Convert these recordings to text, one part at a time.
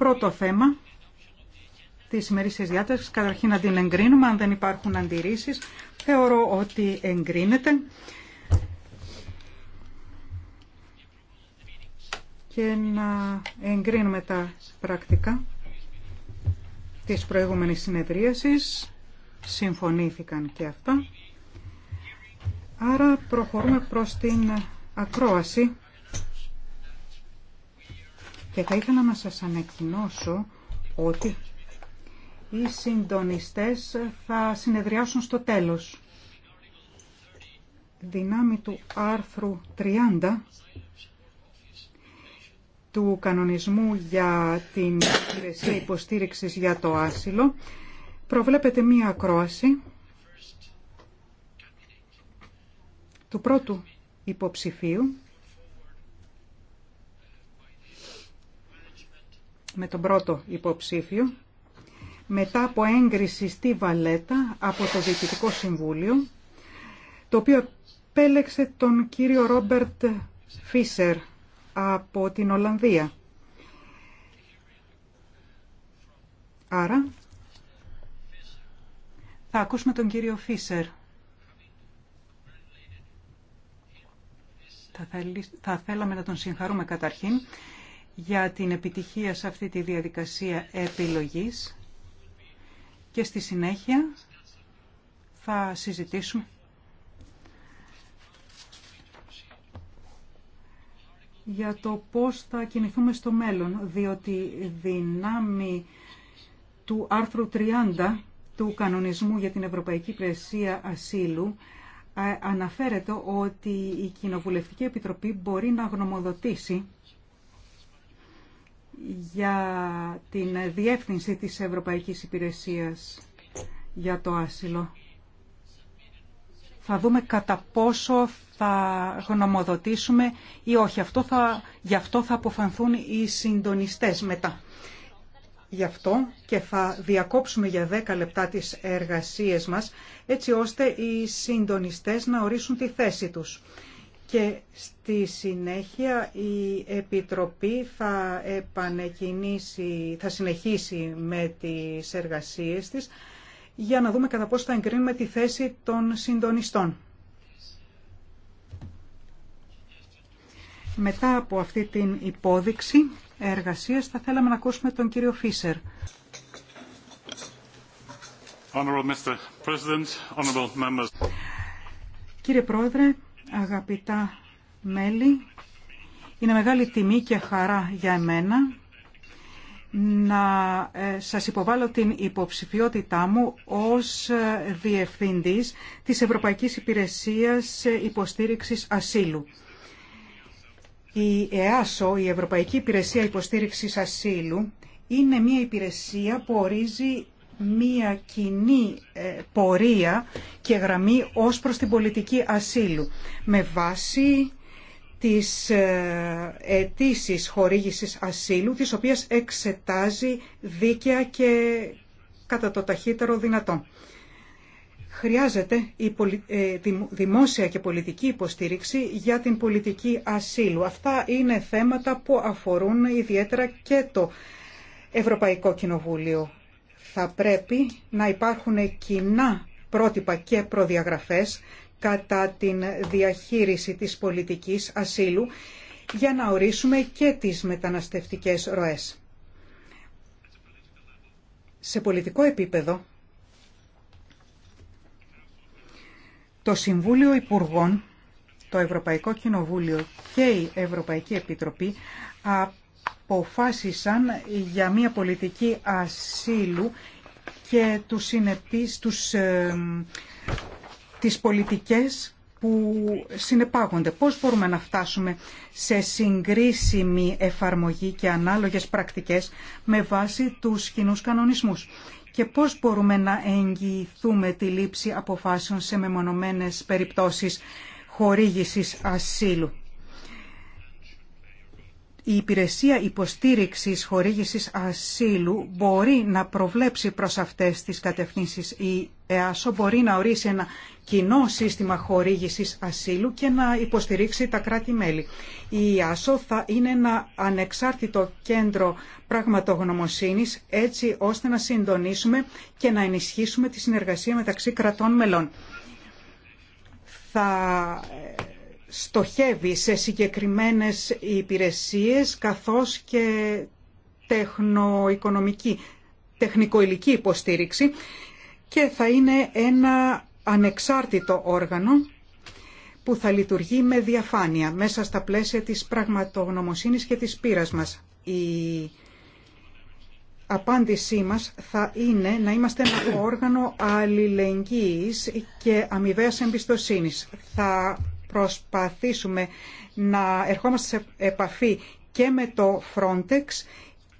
πρώτο θέμα της ημερήσιας διάταξη. καταρχήν να την εγκρίνουμε, αν δεν υπάρχουν αντιρρήσει. θεωρώ ότι εγκρίνεται. Και να εγκρίνουμε τα πρακτικά της προηγούμενης συνεδρίασης. Συμφωνήθηκαν και αυτά. Άρα προχωρούμε προς την ακρόαση και θα ήθελα να σας ανακοινώσω ότι οι συντονιστές θα συνεδριάσουν στο τέλος. Δυνάμει του άρθρου 30 του κανονισμού για την υπηρεσία υποστήριξης για το άσυλο προβλέπεται μία ακρόαση του πρώτου υποψηφίου με τον πρώτο υποψήφιο, μετά από έγκριση στη Βαλέτα από το Διοικητικό Συμβούλιο, το οποίο επέλεξε τον κύριο Ρόμπερτ Φίσερ από την Ολλανδία. Άρα, θα ακούσουμε τον κύριο Φίσερ. Θα θέλαμε να τον συγχαρούμε καταρχήν για την επιτυχία σε αυτή τη διαδικασία επιλογής και στη συνέχεια θα συζητήσουμε για το πώς θα κινηθούμε στο μέλλον, διότι δυνάμει του άρθρου 30 του κανονισμού για την Ευρωπαϊκή Υπηρεσία Ασύλου ε, αναφέρεται ότι η Κοινοβουλευτική Επιτροπή μπορεί να γνωμοδοτήσει για την διεύθυνση της Ευρωπαϊκής Υπηρεσίας για το άσυλο. Θα δούμε κατά πόσο θα γνωμοδοτήσουμε ή όχι. Αυτό θα, γι' αυτό θα αποφανθούν οι συντονιστές μετά. Γι' αυτό και θα διακόψουμε για 10 λεπτά τις εργασίες μας, έτσι ώστε οι συντονιστές να ορίσουν τη θέση τους και στη συνέχεια η Επιτροπή θα, επανεκκινήσει, θα συνεχίσει με τις εργασίες της για να δούμε κατά πώς θα εγκρίνουμε τη θέση των συντονιστών. Μετά από αυτή την υπόδειξη εργασίας θα θέλαμε να ακούσουμε τον κύριο Φίσερ. Κύριε Πρόεδρε, Αγαπητά μέλη, είναι μεγάλη τιμή και χαρά για εμένα να ε, σας υποβάλω την υποψηφιότητά μου ως ε, Διευθυντής της Ευρωπαϊκής Υπηρεσίας ε, Υποστήριξης Ασύλου. Η ΕΑΣΟ, η Ευρωπαϊκή Υπηρεσία Υποστήριξης Ασύλου, είναι μια υπηρεσία που ορίζει μία κοινή ε, πορεία και γραμμή ως προς την πολιτική ασύλου με βάση τις ε, αιτήσει χορήγησης ασύλου, τις οποίες εξετάζει δίκαια και κατά το ταχύτερο δυνατό. Χρειάζεται η ε, δημόσια και πολιτική υποστήριξη για την πολιτική ασύλου. Αυτά είναι θέματα που αφορούν ιδιαίτερα και το Ευρωπαϊκό Κοινοβούλιο θα πρέπει να υπάρχουν κοινά πρότυπα και προδιαγραφές κατά την διαχείριση της πολιτικής ασύλου για να ορίσουμε και τις μεταναστευτικές ροές. Σε πολιτικό επίπεδο, το Συμβούλιο Υπουργών, το Ευρωπαϊκό Κοινοβούλιο και η Ευρωπαϊκή Επιτροπή αποφάσισαν για μια πολιτική ασύλου και τους συνεπείς, ε, τις πολιτικές που συνεπάγονται. Πώς μπορούμε να φτάσουμε σε συγκρίσιμη εφαρμογή και ανάλογες πρακτικές με βάση τους κοινού κανονισμούς. Και πώς μπορούμε να εγγυηθούμε τη λήψη αποφάσεων σε μεμονωμένες περιπτώσεις χορήγησης ασύλου η υπηρεσία υποστήριξης χορήγησης ασύλου μπορεί να προβλέψει προς αυτές τις κατευθύνσεις. Η ΕΑΣΟ μπορεί να ορίσει ένα κοινό σύστημα χορήγησης ασύλου και να υποστηρίξει τα κράτη-μέλη. Η ΕΑΣΟ θα είναι ένα ανεξάρτητο κέντρο πραγματογνωμοσύνης έτσι ώστε να συντονίσουμε και να ενισχύσουμε τη συνεργασία μεταξύ κρατών μελών στοχεύει σε συγκεκριμένες υπηρεσίες καθώς και τεχνοοικονομική, τεχνικοηλική υποστήριξη και θα είναι ένα ανεξάρτητο όργανο που θα λειτουργεί με διαφάνεια μέσα στα πλαίσια της πραγματογνωμοσύνης και της πείρας μας. Η απάντησή μας θα είναι να είμαστε ένα όργανο αλληλεγγύης και αμοιβαίας εμπιστοσύνης. Θα προσπαθήσουμε να ερχόμαστε σε επαφή και με το Frontex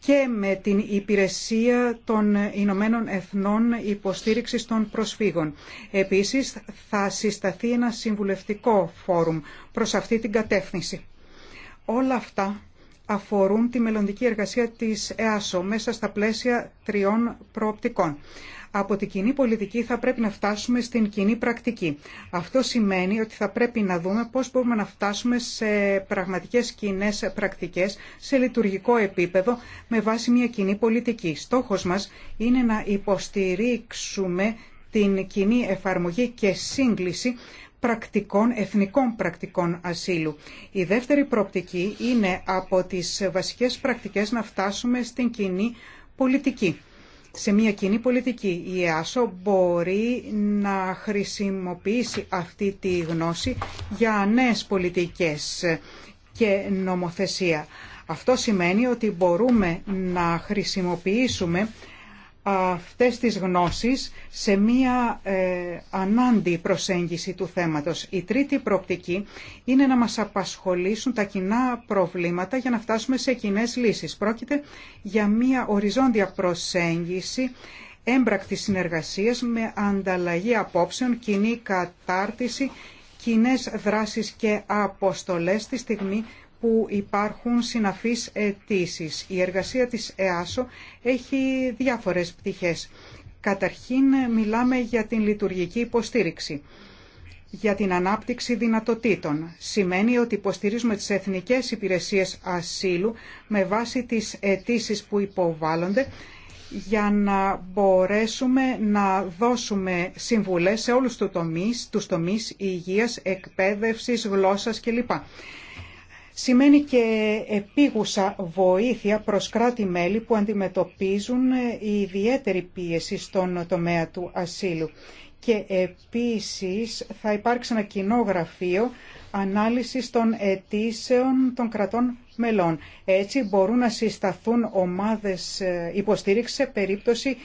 και με την Υπηρεσία των Ηνωμένων Εθνών Υποστήριξης των Προσφύγων. Επίσης, θα συσταθεί ένα συμβουλευτικό φόρουμ προς αυτή την κατεύθυνση. Όλα αυτά αφορούν τη μελλοντική εργασία της ΕΑΣΟ μέσα στα πλαίσια τριών προοπτικών. Από την κοινή πολιτική θα πρέπει να φτάσουμε στην κοινή πρακτική. Αυτό σημαίνει ότι θα πρέπει να δούμε πώς μπορούμε να φτάσουμε σε πραγματικές κοινέ πρακτικές, σε λειτουργικό επίπεδο, με βάση μια κοινή πολιτική. Στόχος μας είναι να υποστηρίξουμε την κοινή εφαρμογή και σύγκληση πρακτικών, εθνικών πρακτικών ασύλου. Η δεύτερη προοπτική είναι από τις βασικές πρακτικές να φτάσουμε στην κοινή πολιτική σε μια κοινή πολιτική. Η ΕΑΣΟ μπορεί να χρησιμοποιήσει αυτή τη γνώση για νέες πολιτικές και νομοθεσία. Αυτό σημαίνει ότι μπορούμε να χρησιμοποιήσουμε αυτές τις γνώσεις σε μία ε, ανάντη προσέγγιση του θέματος. Η τρίτη προοπτική είναι να μας απασχολήσουν τα κοινά προβλήματα για να φτάσουμε σε κοινέ λύσεις. Πρόκειται για μία οριζόντια προσέγγιση έμπρακτη συνεργασίας με ανταλλαγή απόψεων, κοινή κατάρτιση, κοινέ δράσεις και αποστολές στη στιγμή που υπάρχουν συναφείς αιτήσει. Η εργασία της ΕΑΣΟ έχει διάφορες πτυχές. Καταρχήν μιλάμε για την λειτουργική υποστήριξη για την ανάπτυξη δυνατοτήτων. Σημαίνει ότι υποστηρίζουμε τις εθνικές υπηρεσίες ασύλου με βάση τις αιτήσει που υποβάλλονται για να μπορέσουμε να δώσουμε συμβουλές σε όλους τους τομείς, τους τομείς υγείας, εκπαίδευσης, γλώσσας κλπ σημαίνει και επίγουσα βοήθεια προς κράτη-μέλη που αντιμετωπίζουν ε, ιδιαίτερη πίεση στον τομέα του ασύλου. Και επίσης θα υπάρξει ένα κοινό γραφείο ανάλυσης των αιτήσεων των κρατών μελών. Έτσι μπορούν να συσταθούν ομάδες ε, υποστήριξης σε περίπτωση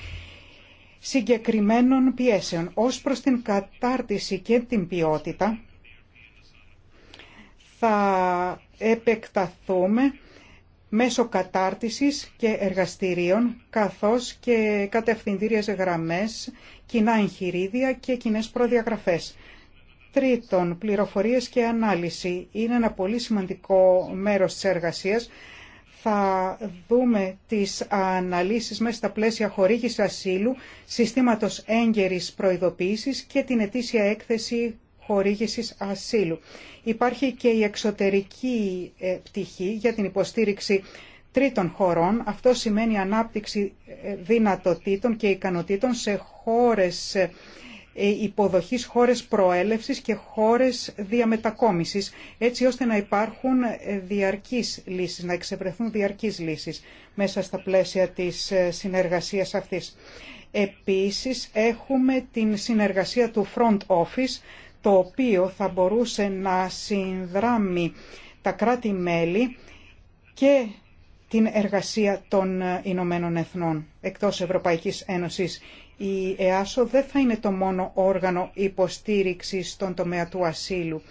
συγκεκριμένων πιέσεων. Ως προς την κατάρτιση και την ποιότητα, θα επεκταθούμε μέσω κατάρτισης και εργαστηρίων, καθώς και κατευθυντήριες γραμμές, κοινά εγχειρίδια και κοινέ προδιαγραφές. Τρίτον, πληροφορίες και ανάλυση είναι ένα πολύ σημαντικό μέρος της εργασίας. Θα δούμε τις αναλύσεις μέσα στα πλαίσια χορήγησης ασύλου, συστήματος έγκαιρης προειδοποίησης και την ετήσια έκθεση χορήγησης ασύλου. Υπάρχει και η εξωτερική ε, πτυχή για την υποστήριξη τρίτων χωρών. Αυτό σημαίνει ανάπτυξη ε, δυνατοτήτων και ικανοτήτων σε χώρες ε, υποδοχής, χώρες προέλευσης και χώρες διαμετακόμισης, έτσι ώστε να υπάρχουν διαρκείς λύσεις, να εξευρεθούν διαρκείς λύσεις μέσα στα πλαίσια της συνεργασίας αυτής. Επίσης, έχουμε την συνεργασία του Front Office το οποίο θα μπορούσε να συνδράμει τα κράτη-μέλη και την εργασία των Ηνωμένων Εθνών εκτός Ευρωπαϊκής Ένωσης. Η ΕΑΣΟ δεν θα είναι το μόνο όργανο υποστήριξης στον τομέα του ασύλου.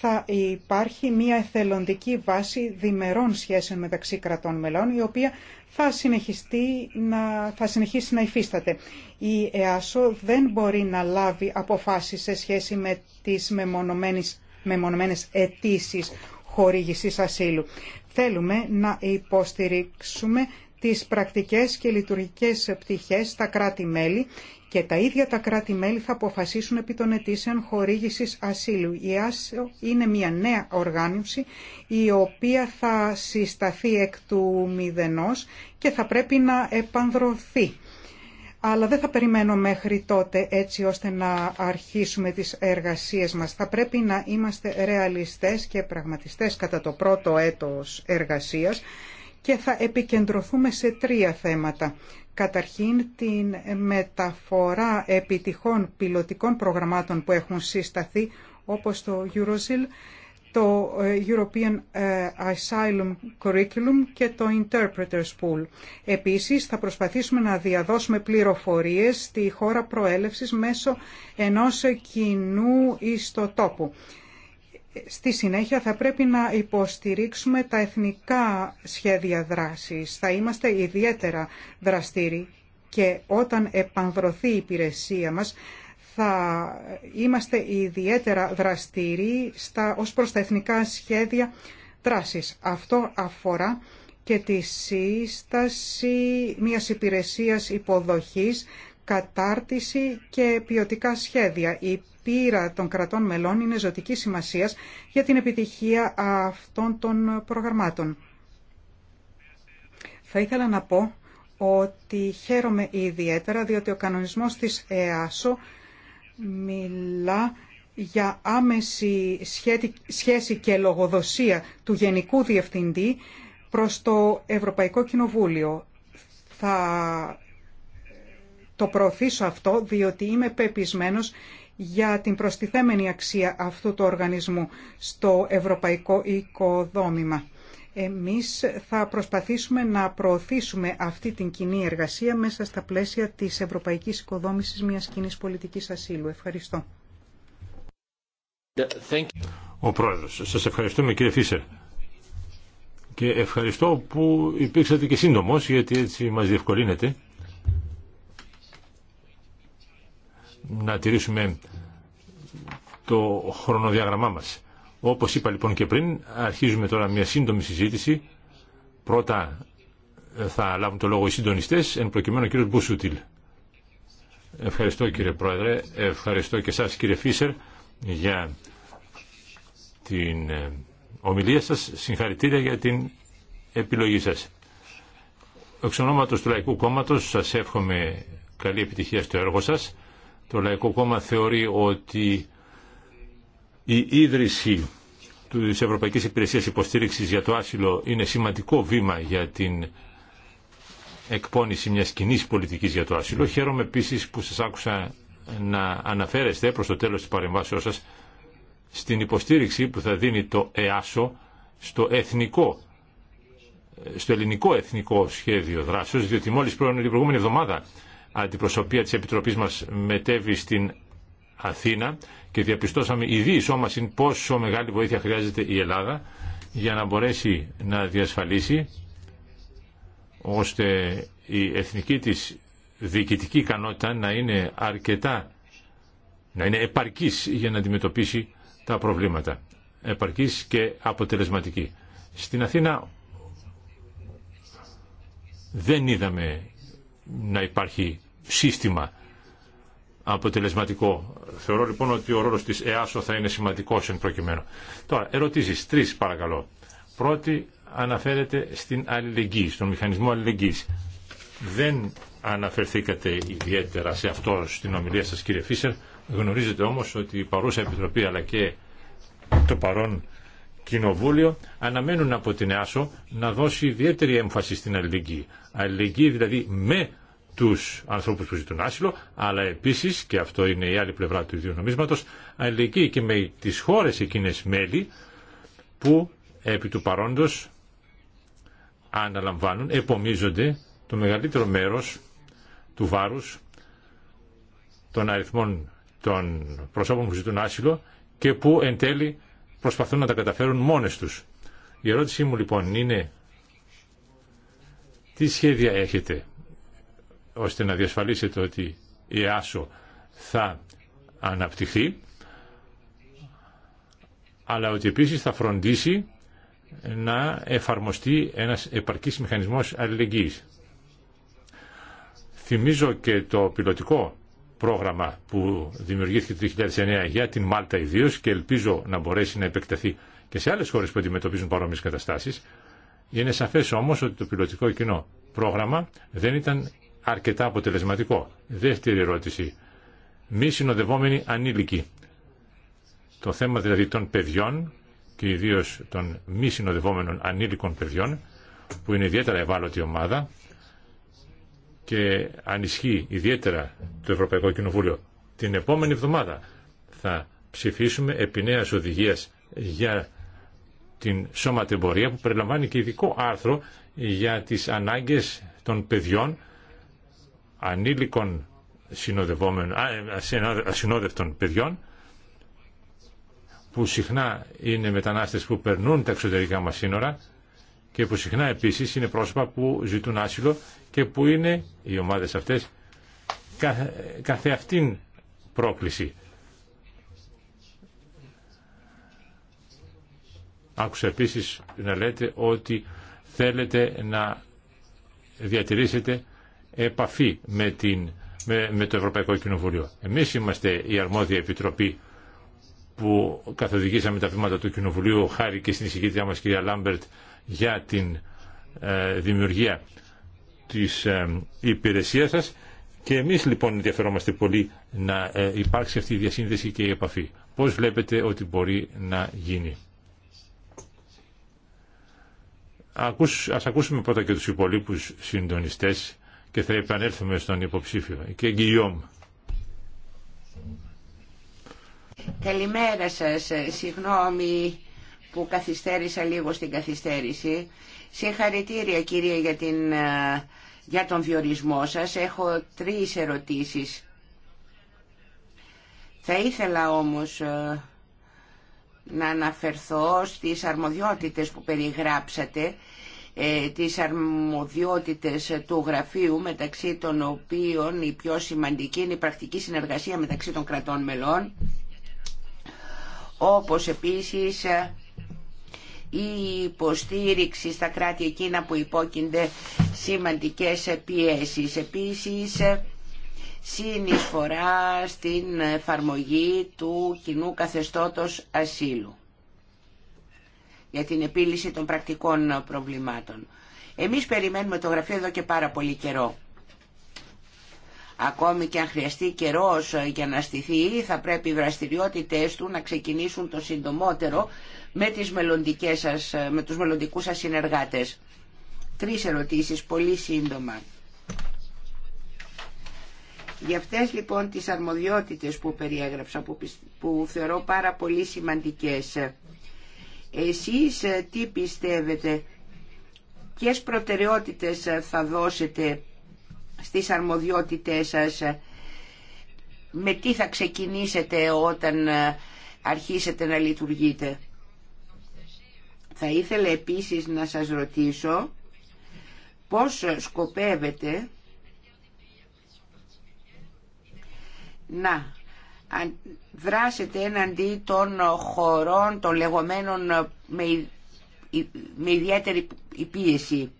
Θα υπάρχει μια εθελοντική βάση διμερών σχέσεων μεταξύ κρατών μελών, η οποία θα, να, θα συνεχίσει να υφίσταται. Η ΕΑΣΟ δεν μπορεί να λάβει αποφάσεις σε σχέση με τις μεμονωμένες, μεμονωμένες αιτήσει χορήγησης ασύλου. Θέλουμε να υποστηρίξουμε τις πρακτικές και λειτουργικές πτυχές στα κράτη-μέλη και τα ίδια τα κράτη-μέλη θα αποφασίσουν επί των αιτήσεων χορήγησης ασύλου. Η ΆΣΟ είναι μια νέα οργάνωση η οποία θα συσταθεί εκ του μηδενός και θα πρέπει να επανδρωθεί. Αλλά δεν θα περιμένω μέχρι τότε έτσι ώστε να αρχίσουμε τις εργασίες μας. Θα πρέπει να είμαστε ρεαλιστές και πραγματιστές κατά το πρώτο έτος εργασίας και θα επικεντρωθούμε σε τρία θέματα. Καταρχήν την μεταφορά επιτυχών πιλωτικών προγραμμάτων που έχουν συσταθεί όπως το Eurosil, το ε, European ε, Asylum Curriculum και το Interpreters Pool. Επίσης θα προσπαθήσουμε να διαδώσουμε πληροφορίες στη χώρα προέλευσης μέσω ενός κοινού ιστοτόπου. Στη συνέχεια θα πρέπει να υποστηρίξουμε τα εθνικά σχέδια δράσης. Θα είμαστε ιδιαίτερα δραστήριοι και όταν επανδρωθεί η υπηρεσία μας θα είμαστε ιδιαίτερα δραστήριοι στα, ως προς τα εθνικά σχέδια δράσης. Αυτό αφορά και τη σύσταση μιας υπηρεσίας υποδοχής, κατάρτιση και ποιοτικά σχέδια πείρα των κρατών μελών είναι ζωτική σημασία για την επιτυχία αυτών των προγραμμάτων. Θα ήθελα να πω ότι χαίρομαι ιδιαίτερα διότι ο κανονισμός της ΕΑΣΟ μιλά για άμεση σχέση και λογοδοσία του Γενικού Διευθυντή προς το Ευρωπαϊκό Κοινοβούλιο. Θα το προωθήσω αυτό διότι είμαι πεπισμένος για την προστιθέμενη αξία αυτού του οργανισμού στο ευρωπαϊκό οικοδόμημα. Εμείς θα προσπαθήσουμε να προωθήσουμε αυτή την κοινή εργασία μέσα στα πλαίσια της ευρωπαϊκής οικοδόμησης μιας κοινή πολιτικής ασύλου. Ευχαριστώ. Ο Πρόεδρος, σας ευχαριστούμε κύριε Φίσερ. Και ευχαριστώ που υπήρξατε και σύντομος, γιατί έτσι μας διευκολύνεται. να τηρήσουμε το χρονοδιάγραμμά μας. Όπως είπα λοιπόν και πριν, αρχίζουμε τώρα μια σύντομη συζήτηση. Πρώτα ε, θα λάβουν το λόγο οι συντονιστές, εν προκειμένου ο κύριος Μπουσούτιλ. Ευχαριστώ κύριε Πρόεδρε, ευχαριστώ και σας κύριε Φίσερ για την ε, ομιλία σας, συγχαρητήρια για την επιλογή σας. Εξ ονόματος του Λαϊκού Κόμματος σας εύχομαι καλή επιτυχία στο έργο σας. Το Λαϊκό Κόμμα θεωρεί ότι η ίδρυση της Ευρωπαϊκής Υπηρεσίας Υποστήριξης για το Άσυλο είναι σημαντικό βήμα για την εκπόνηση μιας κοινή πολιτικής για το άσυλο. Χαίρομαι επίσης που σας άκουσα να αναφέρεστε προς το τέλος της παρεμβάσεώς σας στην υποστήριξη που θα δίνει το ΕΑΣΟ στο εθνικό στο ελληνικό εθνικό σχέδιο δράσεως, διότι μόλις πριν την προηγούμενη εβδομάδα αντιπροσωπεία της Επιτροπής μας μετέβη στην Αθήνα και διαπιστώσαμε όμως σώμασιν πόσο μεγάλη βοήθεια χρειάζεται η Ελλάδα για να μπορέσει να διασφαλίσει ώστε η εθνική της διοικητική ικανότητα να είναι αρκετά να είναι επαρκής για να αντιμετωπίσει τα προβλήματα επαρκής και αποτελεσματική στην Αθήνα δεν είδαμε να υπάρχει σύστημα αποτελεσματικό. Θεωρώ λοιπόν ότι ο ρόλος της ΕΑΣΟ θα είναι σημαντικός εν προκειμένου. Τώρα, ερωτήσεις. Τρεις παρακαλώ. Πρώτη αναφέρεται στην αλληλεγγύη, στον μηχανισμό αλληλεγγύης. Δεν αναφερθήκατε ιδιαίτερα σε αυτό στην ομιλία σας κύριε Φίσερ. Γνωρίζετε όμως ότι η παρούσα Επιτροπή αλλά και το παρόν Κοινοβούλιο αναμένουν από την ΕΑΣΟ να δώσει ιδιαίτερη έμφαση στην αλληλεγγύη. Αλληλεγγύη δηλαδή με τους ανθρώπου που ζητούν άσυλο, αλλά επίσης, και αυτό είναι η άλλη πλευρά του ίδιου νομίσματος, αλληλεγγύη και με τις χώρες εκείνες μέλη που επί του παρόντος αναλαμβάνουν, επομίζονται το μεγαλύτερο μέρος του βάρου, των αριθμών των προσώπων που ζητούν άσυλο και που εν τέλει προσπαθούν να τα καταφέρουν μόνες τους. Η ερώτησή μου λοιπόν είναι τι σχέδια έχετε ώστε να διασφαλίσετε ότι η ΕΑΣΟ θα αναπτυχθεί αλλά ότι επίσης θα φροντίσει να εφαρμοστεί ένας επαρκής μηχανισμός αλληλεγγύης. Θυμίζω και το πιλωτικό πρόγραμμα που δημιουργήθηκε το 2009 για την Μάλτα ιδίω και ελπίζω να μπορέσει να επεκταθεί και σε άλλες χώρες που αντιμετωπίζουν παρόμοιες καταστάσεις. Είναι σαφές όμως ότι το πιλωτικό κοινό πρόγραμμα δεν ήταν αρκετά αποτελεσματικό. Δεύτερη ερώτηση. Μη συνοδευόμενοι ανήλικοι. Το θέμα δηλαδή των παιδιών και ιδίω των μη συνοδευόμενων ανήλικων παιδιών που είναι ιδιαίτερα ευάλωτη ομάδα και ανισχύει ιδιαίτερα το Ευρωπαϊκό Κοινοβούλιο. Την επόμενη εβδομάδα θα ψηφίσουμε επί νέα για την σώματεμπορία που περιλαμβάνει και ειδικό άρθρο για τις ανάγκες των παιδιών ανήλικων ε, ασυνόδευτων παιδιών που συχνά είναι μετανάστες που περνούν τα εξωτερικά μας σύνορα και που συχνά επίσης είναι πρόσωπα που ζητούν άσυλο και που είναι οι ομάδες αυτές καθεαυτήν πρόκληση. Άκουσα επίσης να λέτε ότι θέλετε να διατηρήσετε επαφή με, την, με, με το Ευρωπαϊκό Κοινοβούλιο. Εμείς είμαστε η αρμόδια επιτροπή που καθοδηγήσαμε τα βήματα του Κοινοβουλίου χάρη και στην εισηγήτριά μας κυρία Λάμπερτ για την ε, δημιουργία της ε, υπηρεσίας σας και εμείς λοιπόν ενδιαφερόμαστε πολύ να ε, υπάρξει αυτή η διασύνδεση και η επαφή. Πώς βλέπετε ότι μπορεί να γίνει. Ας ακούσουμε πρώτα και τους υπολείπους συντονιστές και θα επανέλθουμε στον υποψήφιο. Και Γκυλιόμ. Καλημέρα σας. Συγγνώμη που καθυστέρησα λίγο στην καθυστέρηση. Συγχαρητήρια κυρία για, την, ε, για τον διορισμό σας. Έχω τρεις ερωτήσεις. Θα ήθελα όμως ε, να αναφερθώ στις αρμοδιότητες που περιγράψατε ε, τις αρμοδιότητες του γραφείου μεταξύ των οποίων η πιο σημαντική είναι η πρακτική συνεργασία μεταξύ των κρατών μελών όπως επίσης η υποστήριξη στα κράτη εκείνα που υπόκεινται σημαντικές πιέσεις. Επίσης, συνεισφορά στην εφαρμογή του κοινού καθεστώτος ασύλου για την επίλυση των πρακτικών προβλημάτων. Εμείς περιμένουμε το γραφείο εδώ και πάρα πολύ καιρό. Ακόμη και αν χρειαστεί καιρός για να στηθεί, θα πρέπει οι δραστηριότητες του να ξεκινήσουν το συντομότερο με, τις μελλοντικές σας, με τους μελλοντικούς σας συνεργάτες. Τρεις ερωτήσεις, πολύ σύντομα. Για αυτές λοιπόν τις αρμοδιότητες που περιέγραψα, που, που θεωρώ πάρα πολύ σημαντικές, εσείς ε, τι πιστεύετε, ποιες προτεραιότητες ε, θα δώσετε στις αρμοδιότητές σας, με τι θα ξεκινήσετε όταν ε, αρχίσετε να λειτουργείτε. Θα ήθελα επίσης να σας ρωτήσω πώς σκοπεύετε να δράσετε εναντί των χωρών των λεγόμενων με ιδιαίτερη πίεση.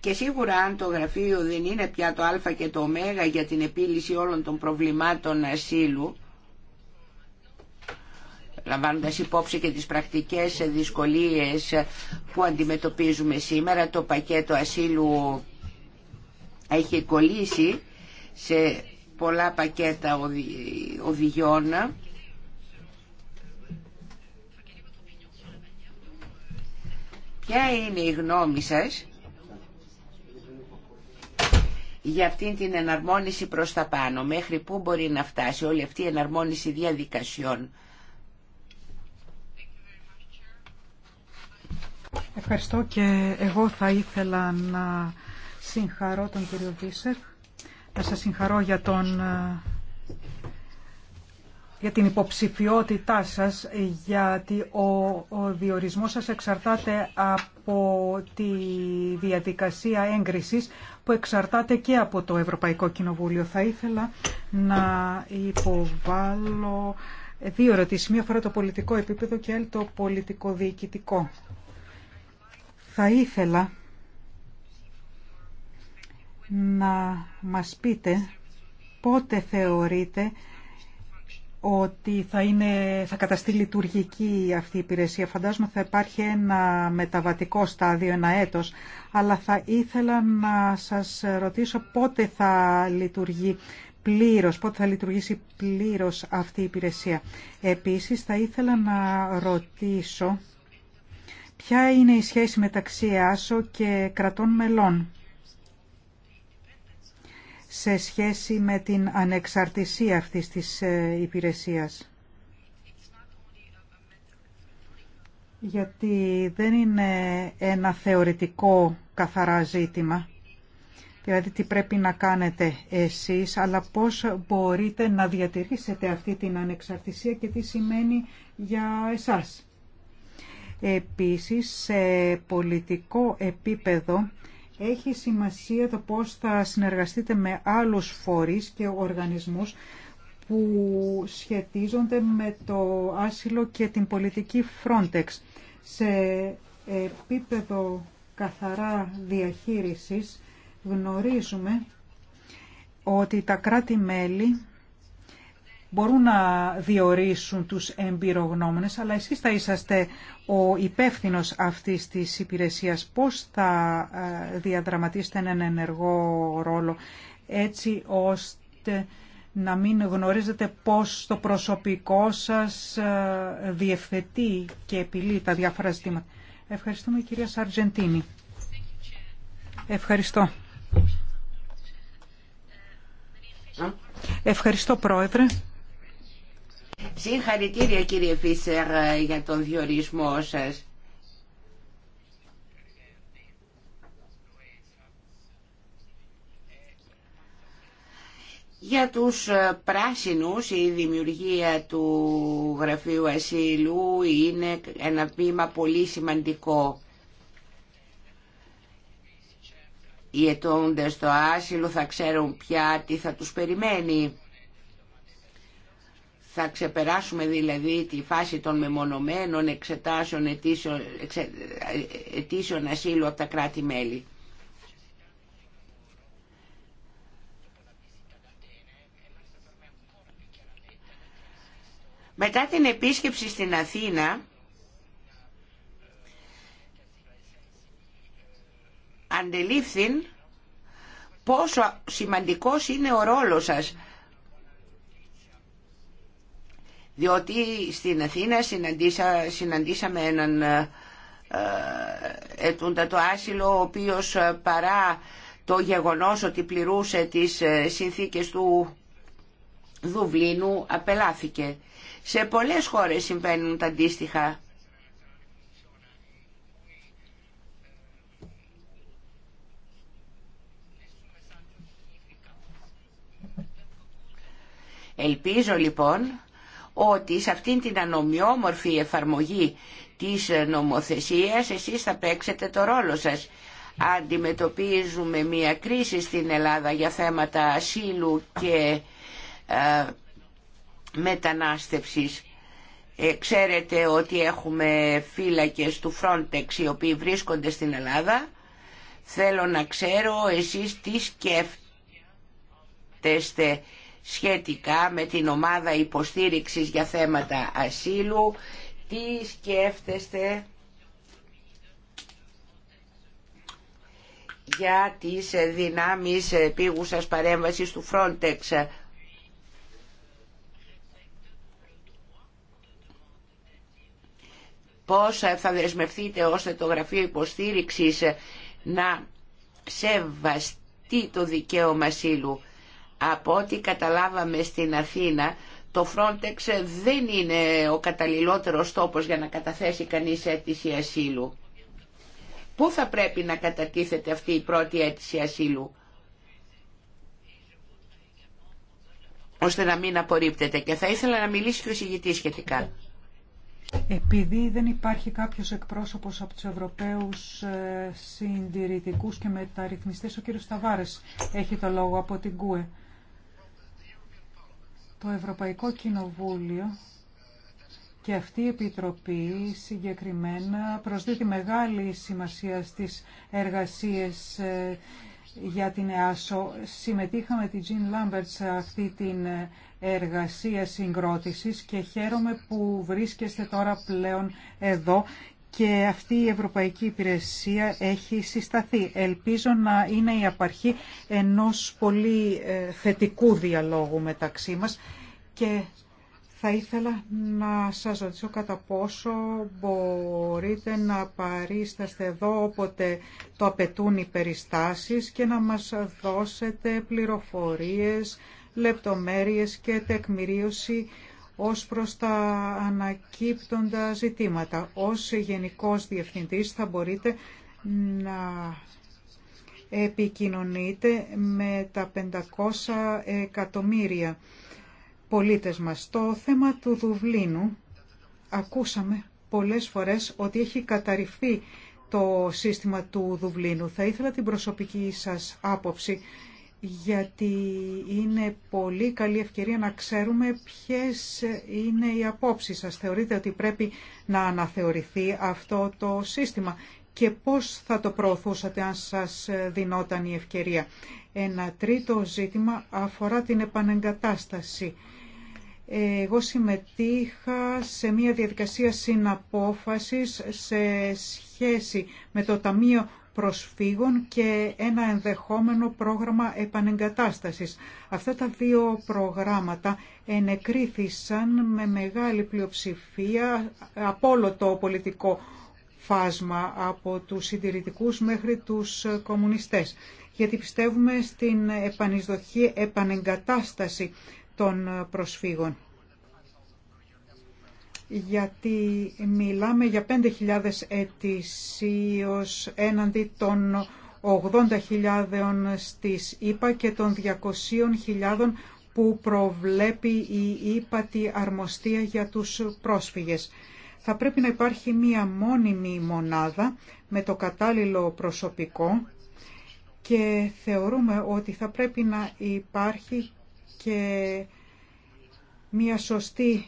Και σίγουρα αν το γραφείο δεν είναι πια το α και το ω για την επίλυση όλων των προβλημάτων ασύλου, λαμβάνοντας υπόψη και τις πρακτικές δυσκολίες που αντιμετωπίζουμε σήμερα, το πακέτο ασύλου έχει κολλήσει σε πολλά πακέτα οδηγιώνα. Ποια είναι η γνώμη σας για αυτήν την εναρμόνιση προς τα πάνω, μέχρι πού μπορεί να φτάσει όλη αυτή η εναρμόνιση διαδικασιών. Ευχαριστώ και εγώ θα ήθελα να συγχαρώ τον κύριο Βίσεφ να σας συγχαρώ για, τον, ε, για την υποψηφιότητά σας, γιατί ο, ο διορισμός σας εξαρτάται από τη διαδικασία έγκρισης που εξαρτάται και από το Ευρωπαϊκό Κοινοβούλιο. Θα ήθελα να υποβάλω δύο ερωτήσεις. Μία αφορά το πολιτικό επίπεδο και άλλη το πολιτικό Θα ήθελα να μας πείτε πότε θεωρείτε ότι θα, είναι, θα καταστεί λειτουργική αυτή η υπηρεσία. Φαντάζομαι θα υπάρχει ένα μεταβατικό στάδιο, ένα έτος, αλλά θα ήθελα να σας ρωτήσω πότε θα λειτουργεί πλήρως, πότε θα λειτουργήσει πλήρως αυτή η υπηρεσία. Επίσης θα ήθελα να ρωτήσω ποια είναι η σχέση μεταξύ ΑΣΟ και κρατών μελών σε σχέση με την ανεξαρτησία αυτής της ε, υπηρεσίας. Γιατί δεν είναι ένα θεωρητικό καθαρά ζήτημα, δηλαδή τι πρέπει να κάνετε εσείς, αλλά πώς μπορείτε να διατηρήσετε αυτή την ανεξαρτησία και τι σημαίνει για εσάς. Επίσης, σε πολιτικό επίπεδο, έχει σημασία το πώς θα συνεργαστείτε με άλλους φορείς και οργανισμούς που σχετίζονται με το άσυλο και την πολιτική Frontex. Σε επίπεδο καθαρά διαχείρισης γνωρίζουμε ότι τα κράτη-μέλη μπορούν να διορίσουν τους εμπειρογνώμονες, αλλά εσείς θα είσαστε ο υπεύθυνος αυτής της υπηρεσίας. Πώς θα ε, διαδραματίσετε έναν ενεργό ρόλο έτσι ώστε να μην γνωρίζετε πώς το προσωπικό σας ε, διευθετεί και επιλύει τα διάφορα ζητήματα. Ευχαριστούμε κυρία Σαρτζεντίνη. Ευχαριστώ. Ευχαριστώ πρόεδρε. Συγχαρητήρια κύριε Φίσερ για τον διορισμό σας. Για τους πράσινους η δημιουργία του Γραφείου Ασύλου είναι ένα βήμα πολύ σημαντικό. Οι ετώντες στο άσυλο θα ξέρουν πια τι θα τους περιμένει. Θα ξεπεράσουμε δηλαδή τη φάση των μεμονωμένων εξετάσεων αιτήσεων, ασύλου από τα κράτη-μέλη. Μετά την επίσκεψη στην Αθήνα, αντελήφθην πόσο σημαντικός είναι ο ρόλος σας διότι στην Αθήνα συναντήσα, συναντήσαμε έναν ε, ε, ετούντα το άσυλο ο οποίος ε, παρά το γεγονός ότι πληρούσε τις συνθήκες του Δουβλίνου απελάθηκε. Σε πολλές χώρες συμβαίνουν τα αντίστοιχα. Ελπίζω λοιπόν ότι σε αυτήν την ανομοιόμορφη εφαρμογή της νομοθεσίας εσείς θα παίξετε το ρόλο σας. Αντιμετωπίζουμε μια κρίση στην Ελλάδα για θέματα ασύλου και ε, μετανάστευσης. Ε, ξέρετε ότι έχουμε φύλακες του Frontex οι οποίοι βρίσκονται στην Ελλάδα. Θέλω να ξέρω εσείς τι σκέφτεστε σχετικά με την ομάδα υποστήριξης για θέματα ασύλου. Τι σκέφτεστε για τις δυνάμεις πήγουσας παρέμβασης του Frontex. Πώς θα δεσμευτείτε ώστε το Γραφείο Υποστήριξης να σεβαστεί το δικαίωμα ασύλου από ό,τι καταλάβαμε στην Αθήνα, το Frontex δεν είναι ο καταλληλότερος τόπος για να καταθέσει κανείς αίτηση ασύλου. Πού θα πρέπει να κατατίθεται αυτή η πρώτη αίτηση ασύλου, ώστε να μην απορρίπτεται. Και θα ήθελα να μιλήσει και ο συγητής σχετικά. Επειδή δεν υπάρχει κάποιος εκπρόσωπος από τους Ευρωπαίους ε, συντηρητικούς και μεταρρυθμιστές, ο κύριος Σταβάρες έχει το λόγο από την ΚΟΕ. Το Ευρωπαϊκό Κοινοβούλιο και αυτή η Επιτροπή συγκεκριμένα προσδίδει μεγάλη σημασία στις εργασίες ε, για την ΕΑΣΟ. Συμμετείχαμε την Τζιν Λάμπερτ σε αυτή την εργασία συγκρότησης και χαίρομαι που βρίσκεστε τώρα πλέον εδώ και αυτή η Ευρωπαϊκή Υπηρεσία έχει συσταθεί. Ελπίζω να είναι η απαρχή ενός πολύ ε, θετικού διαλόγου μεταξύ μας και θα ήθελα να σας ρωτήσω κατά πόσο μπορείτε να παρίσταστε εδώ όποτε το απαιτούν οι περιστάσεις και να μας δώσετε πληροφορίες, λεπτομέρειες και τεκμηρίωση ως προς τα ανακύπτοντα ζητήματα. Ως Γενικός Διευθυντής θα μπορείτε να επικοινωνείτε με τα 500 εκατομμύρια πολίτες μας. Το θέμα του Δουβλίνου ακούσαμε πολλές φορές ότι έχει καταρριφθεί το σύστημα του Δουβλίνου. Θα ήθελα την προσωπική σας άποψη γιατί είναι πολύ καλή ευκαιρία να ξέρουμε ποιες είναι οι απόψεις σας. Θεωρείτε ότι πρέπει να αναθεωρηθεί αυτό το σύστημα και πώς θα το προωθούσατε αν σας δινόταν η ευκαιρία. Ένα τρίτο ζήτημα αφορά την επανεγκατάσταση. Εγώ συμμετείχα σε μια διαδικασία συναπόφασης σε σχέση με το Ταμείο προσφύγων και ένα ενδεχόμενο πρόγραμμα επανεγκατάστασης. Αυτά τα δύο προγράμματα ενεκρίθησαν με μεγάλη πλειοψηφία από όλο το πολιτικό φάσμα, από τους συντηρητικούς μέχρι τους κομμουνιστές, γιατί πιστεύουμε στην επανεισδοχή, επανεγκατάσταση των προσφύγων γιατί μιλάμε για 5.000 ετησίως έναντι των 80.000 στις ΙΠΑ και των 200.000 που προβλέπει η τη αρμοστία για τους πρόσφυγες. Θα πρέπει να υπάρχει μία μόνιμη μονάδα με το κατάλληλο προσωπικό και θεωρούμε ότι θα πρέπει να υπάρχει και μία σωστή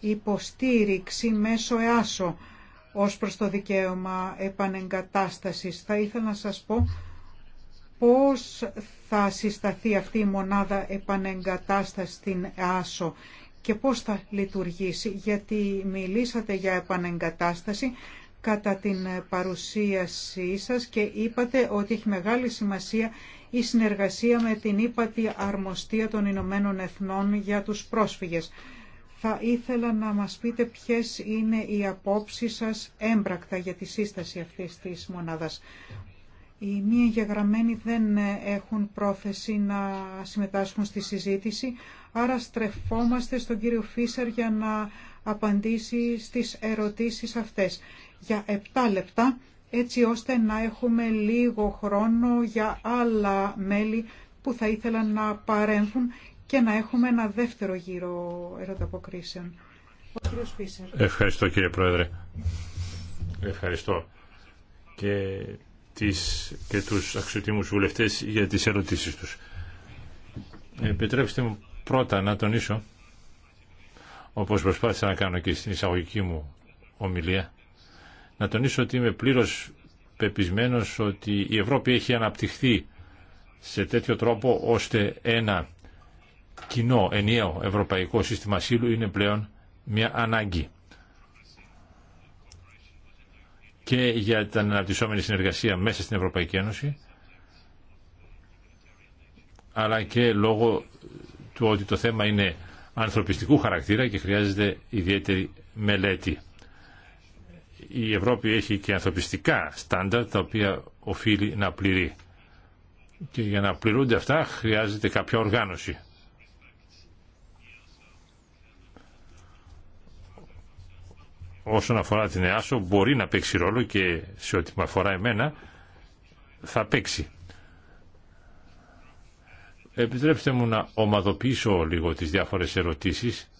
υποστήριξη μέσω ΕΑΣΟ ως προς το δικαίωμα επανεγκατάστασης. Θα ήθελα να σας πω πώς θα συσταθεί αυτή η μονάδα επανεγκατάστασης στην ΕΑΣΟ και πώς θα λειτουργήσει, γιατί μιλήσατε για επανεγκατάσταση κατά την παρουσίασή σας και είπατε ότι έχει μεγάλη σημασία η συνεργασία με την ύπατη αρμοστία των Ηνωμένων Εθνών για τους πρόσφυγες. Θα ήθελα να μας πείτε ποιες είναι οι απόψεις σας έμπρακτα για τη σύσταση αυτής της μονάδας. Οι μη εγγεγραμμένοι δεν έχουν πρόθεση να συμμετάσχουν στη συζήτηση, άρα στρεφόμαστε στον κύριο Φίσερ για να απαντήσει στις ερωτήσεις αυτές. Για 7 λεπτά, έτσι ώστε να έχουμε λίγο χρόνο για άλλα μέλη που θα ήθελαν να παρέμβουν και να έχουμε ένα δεύτερο γύρο ερωταποκρίσεων. Ο κύριος Φίσερ. Ευχαριστώ κύριε Πρόεδρε. Ευχαριστώ και, τις, και τους αξιωτήμους βουλευτές για τις ερωτήσεις τους. Επιτρέψτε μου πρώτα να τονίσω, όπως προσπάθησα να κάνω και στην εισαγωγική μου ομιλία, να τονίσω ότι είμαι πλήρως πεπισμένος ότι η Ευρώπη έχει αναπτυχθεί σε τέτοιο τρόπο ώστε ένα κοινό ενιαίο ευρωπαϊκό σύστημα ασύλου είναι πλέον μια ανάγκη. Και για την αναπτυσσόμενη συνεργασία μέσα στην Ευρωπαϊκή Ένωση, αλλά και λόγω του ότι το θέμα είναι ανθρωπιστικού χαρακτήρα και χρειάζεται ιδιαίτερη μελέτη. Η Ευρώπη έχει και ανθρωπιστικά στάνταρ τα οποία οφείλει να πληρεί. Και για να πληρούνται αυτά χρειάζεται κάποια οργάνωση. όσον αφορά την ΕΑΣΟ μπορεί να παίξει ρόλο και σε ό,τι με αφορά εμένα θα παίξει. Επιτρέψτε μου να ομαδοποιήσω λίγο τις διάφορες ερωτήσεις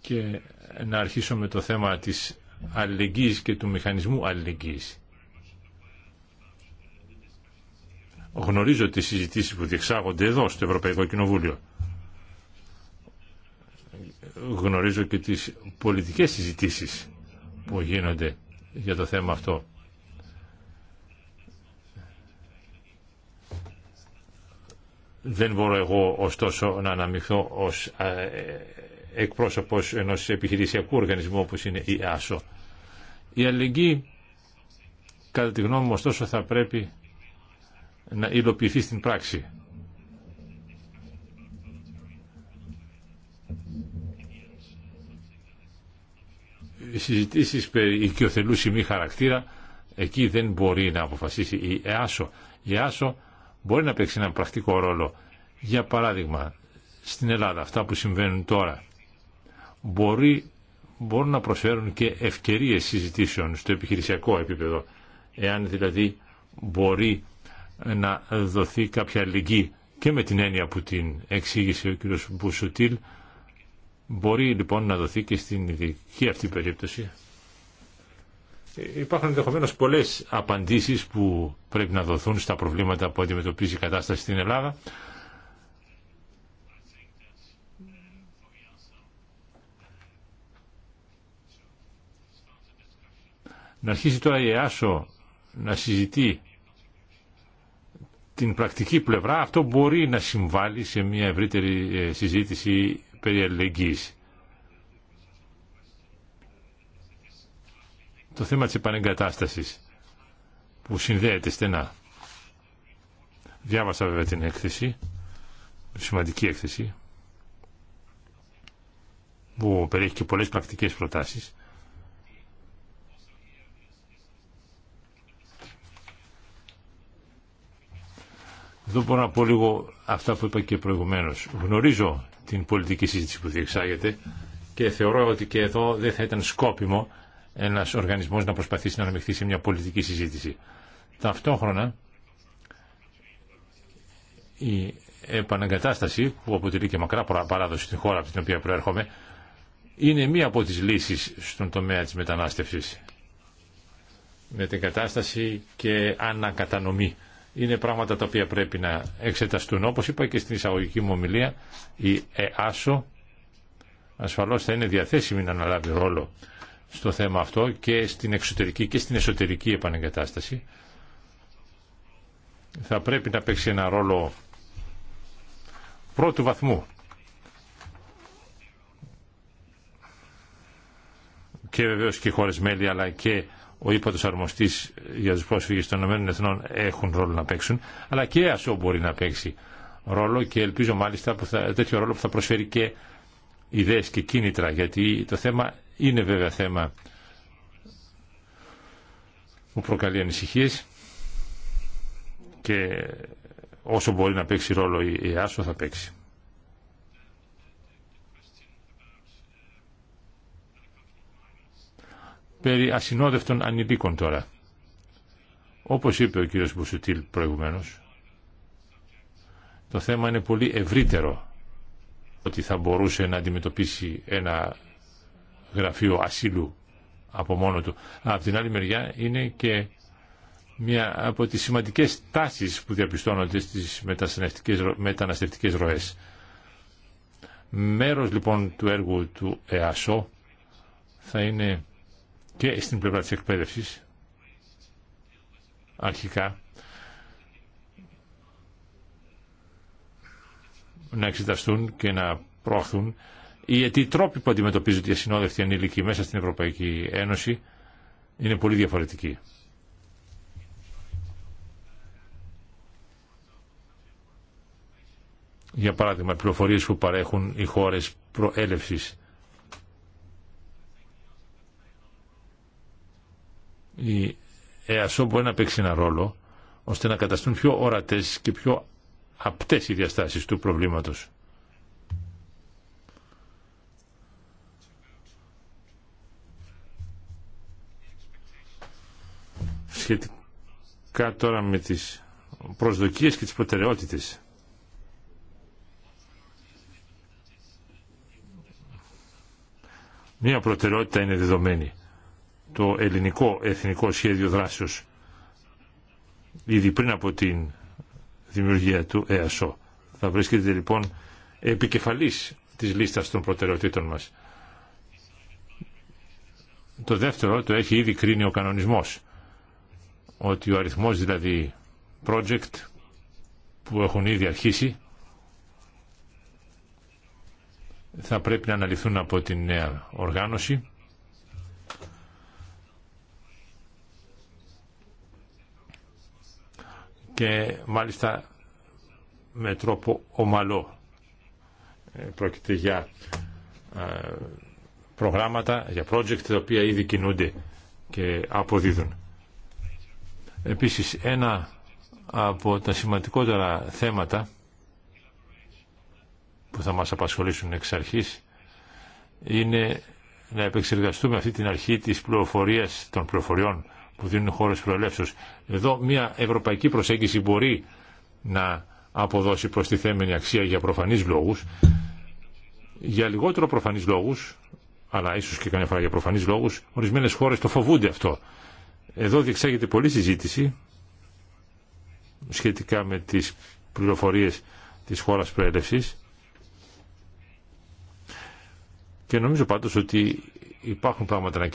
και να αρχίσω με το θέμα της αλληλεγγύης και του μηχανισμού αλληλεγγύης. Γνωρίζω τις συζητήσεις που διεξάγονται εδώ στο Ευρωπαϊκό Κοινοβούλιο γνωρίζω και τις πολιτικές συζητήσεις που γίνονται για το θέμα αυτό. Δεν μπορώ εγώ ωστόσο να αναμειχθώ ως ε, εκπρόσωπος ενός επιχειρησιακού οργανισμού όπως είναι η ΆΣΟ. Η αλληλεγγύη κατά τη γνώμη μου ωστόσο θα πρέπει να υλοποιηθεί στην πράξη. συζητήσει περί οικειοθελούς ή μη χαρακτήρα εκεί δεν μπορεί να αποφασίσει η ΕΑΣΟ. Η ΕΑΣΟ μπορεί να παίξει έναν πρακτικό ρόλο. Για παράδειγμα, στην Ελλάδα αυτά που συμβαίνουν τώρα μπορεί, μπορούν να προσφέρουν και ευκαιρίες συζητήσεων στο επιχειρησιακό επίπεδο. Εάν δηλαδή μπορεί να δοθεί κάποια αλληλεγγύη και με την έννοια που την εξήγησε ο κ. Μπουσουτήλ Μπορεί λοιπόν να δοθεί και στην ειδική αυτή περίπτωση. Υπάρχουν ενδεχομένω πολλέ απαντήσει που πρέπει να δοθούν στα προβλήματα που αντιμετωπίζει η κατάσταση στην Ελλάδα. Να αρχίσει τώρα η ΕΑΣΟ να συζητεί την πρακτική πλευρά, αυτό μπορεί να συμβάλλει σε μια ευρύτερη ε, συζήτηση περί Το θέμα της επανεγκατάστασης που συνδέεται στενά. Διάβασα βέβαια την έκθεση, σημαντική έκθεση, που περιέχει και πολλές πρακτικές προτάσεις. Εδώ μπορώ να πω λίγο αυτά που είπα και προηγουμένως. Γνωρίζω την πολιτική συζήτηση που διεξάγεται και θεωρώ ότι και εδώ δεν θα ήταν σκόπιμο ένας οργανισμός να προσπαθήσει να αναμειχθεί σε μια πολιτική συζήτηση. Ταυτόχρονα η επαναγκατάσταση που αποτελεί και μακρά παράδοση στην χώρα από την οποία προέρχομαι είναι μία από τις λύσεις στον τομέα της μετανάστευσης με την κατάσταση και ανακατανομή είναι πράγματα τα οποία πρέπει να εξεταστούν. Όπως είπα και στην εισαγωγική μου ομιλία, η ΕΑΣΟ ασφαλώς θα είναι διαθέσιμη να αναλάβει ρόλο στο θέμα αυτό και στην εξωτερική και στην εσωτερική επανεγκατάσταση. Θα πρέπει να παίξει ένα ρόλο πρώτου βαθμού. Και βεβαίως και οι χώρες μέλη αλλά και ο ύπατος αρμοστή για του πρόσφυγες των ΗΕ έχουν ρόλο να παίξουν, αλλά και ΑΣΟ μπορεί να παίξει ρόλο και ελπίζω μάλιστα που τέτοιο ρόλο που θα προσφέρει και ιδέε και κίνητρα, γιατί το θέμα είναι βέβαια θέμα που προκαλεί ανησυχίε και όσο μπορεί να παίξει ρόλο η ΑΣΟ θα παίξει. περί ασυνόδευτων ανηλίκων τώρα. Όπως είπε ο κύριος Μπουσουτήλ προηγουμένως, το θέμα είναι πολύ ευρύτερο ότι θα μπορούσε να αντιμετωπίσει ένα γραφείο ασύλου από μόνο του. Από την άλλη μεριά είναι και μια από τις σημαντικές τάσεις που διαπιστώνονται στις μεταναστευτικές ροές. Μέρος λοιπόν του έργου του ΕΑΣΟ θα είναι και στην πλευρά της εκπαίδευσης αρχικά να εξεταστούν και να πρόχθουν γιατί οι τρόποι που αντιμετωπίζονται οι ασυνόδευτοι ανήλικοι μέσα στην Ευρωπαϊκή Ένωση είναι πολύ διαφορετικοί. Για παράδειγμα, πληροφορίες που παρέχουν οι χώρες προέλευσης η ΕΑΣΟ μπορεί να παίξει ένα ρόλο ώστε να καταστούν πιο ορατές και πιο απτές οι διαστάσεις του προβλήματος. Σχετικά τώρα με τις προσδοκίες και τις προτεραιότητες. Μία προτεραιότητα είναι δεδομένη το ελληνικό εθνικό σχέδιο δράσεως ήδη πριν από την δημιουργία του ΕΑΣΟ. Θα βρίσκεται λοιπόν επικεφαλής της λίστας των προτεραιοτήτων μας. Το δεύτερο το έχει ήδη κρίνει ο κανονισμός, ότι ο αριθμός δηλαδή project που έχουν ήδη αρχίσει θα πρέπει να αναλυθούν από την νέα οργάνωση και μάλιστα με τρόπο ομαλό. Ε, πρόκειται για ε, προγράμματα, για project τα οποία ήδη κινούνται και αποδίδουν. Επίσης ένα από τα σημαντικότερα θέματα που θα μας απασχολήσουν εξ αρχής είναι να επεξεργαστούμε αυτή την αρχή της πληροφορίας των πληροφοριών που δίνουν χώρες προελεύσεως. Εδώ μια ευρωπαϊκή προσέγγιση μπορεί να αποδώσει προστιθέμενη αξία για προφανείς λόγους. Για λιγότερο προφανείς λόγους, αλλά ίσως και κανένα φορά για προφανείς λόγους, ορισμένες χώρες το φοβούνται αυτό. Εδώ διεξάγεται πολλή συζήτηση σχετικά με τις πληροφορίες της χώρας προέλευσης και νομίζω πάντως ότι υπάρχουν πράγματα να,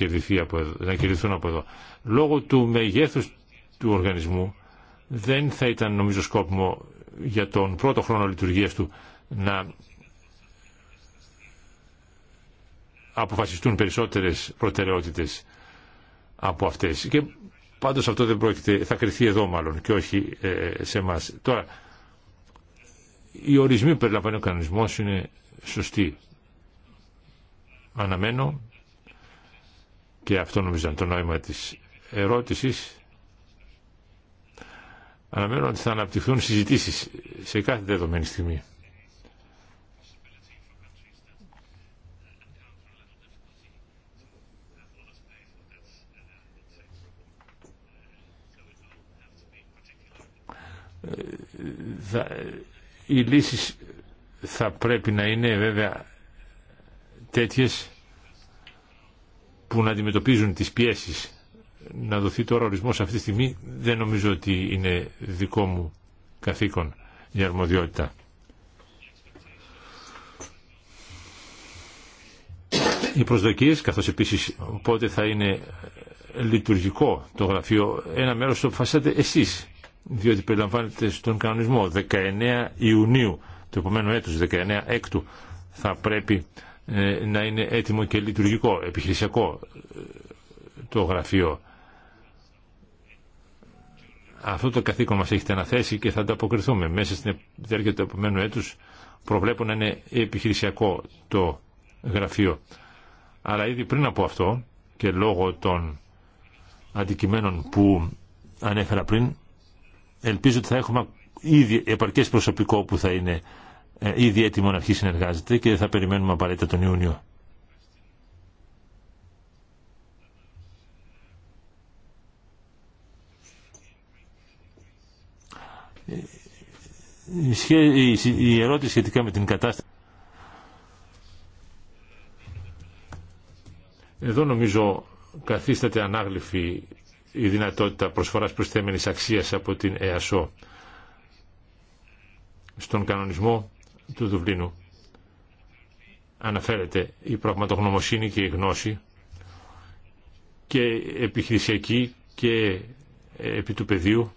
από εδώ, να κερδιθούν από εδώ. Λόγω του μεγέθους του οργανισμού δεν θα ήταν νομίζω σκόπιμο για τον πρώτο χρόνο λειτουργίας του να αποφασιστούν περισσότερες προτεραιότητες από αυτές. Και πάντως αυτό δεν πρόκειται, θα κρυθεί εδώ μάλλον και όχι ε, σε εμά. Τώρα, οι ορισμοί που περιλαμβάνει ο κανονισμός είναι σωστοί. Αναμένω και αυτό νομίζω είναι το νόημα της ερώτησης αναμένω ότι θα αναπτυχθούν συζητήσεις σε κάθε δεδομένη στιγμή. Οι λύσεις θα πρέπει να είναι βέβαια τέτοιες που να αντιμετωπίζουν τις πιέσεις. Να δοθεί τώρα ορισμός αυτή τη στιγμή δεν νομίζω ότι είναι δικό μου καθήκον για αρμοδιότητα. Οι προσδοκίες, καθώς επίσης πότε θα είναι λειτουργικό το γραφείο, ένα μέρος το αποφασίσατε εσείς, διότι περιλαμβάνεται στον κανονισμό 19 Ιουνίου, του επόμενο έτους, 19 Έκτου, θα πρέπει ε, να είναι έτοιμο και λειτουργικό, επιχειρησιακό ε, το γραφείο. Αυτό το καθήκον μας έχετε αναθέσει και θα αποκριθούμε. Μέσα στην διάρκεια του επόμενου έτους προβλέπω να είναι επιχειρησιακό το γραφείο. Αλλά ήδη πριν από αυτό και λόγω των αντικειμένων που ανέφερα πριν, ελπίζω ότι θα έχουμε ήδη επαρκές προσωπικό που θα είναι ε, ήδη έτοιμο να αρχίσει να εργάζεται και θα περιμένουμε απαραίτητα τον Ιούνιο. Ε, η ερώτηση σχετικά με την κατάσταση. Εδώ νομίζω καθίσταται ανάγλυφη η δυνατότητα προσφοράς προσθέμενης αξίας από την ΕΑΣΟ στον κανονισμό του Δουβλίνου αναφέρεται η πραγματογνωμοσύνη και η γνώση και επιχειρησιακή και ε, επί του πεδίου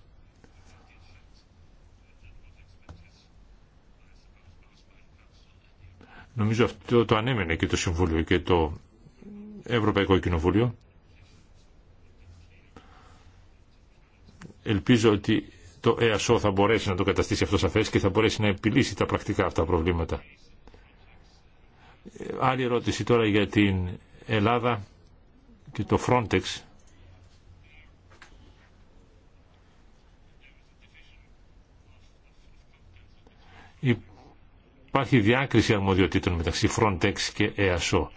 Νομίζω αυτό το ανέμενε και το Συμβούλιο και το Ευρωπαϊκό Κοινοβούλιο. Ελπίζω ότι το ΕΑΣΟ θα μπορέσει να το καταστήσει αυτό σαφές και θα μπορέσει να επιλύσει τα πρακτικά αυτά προβλήματα. Ε, άλλη ερώτηση τώρα για την Ελλάδα και το Frontex. Υπάρχει διάκριση αρμοδιοτήτων μεταξύ Frontex και ΕΑΣΟ.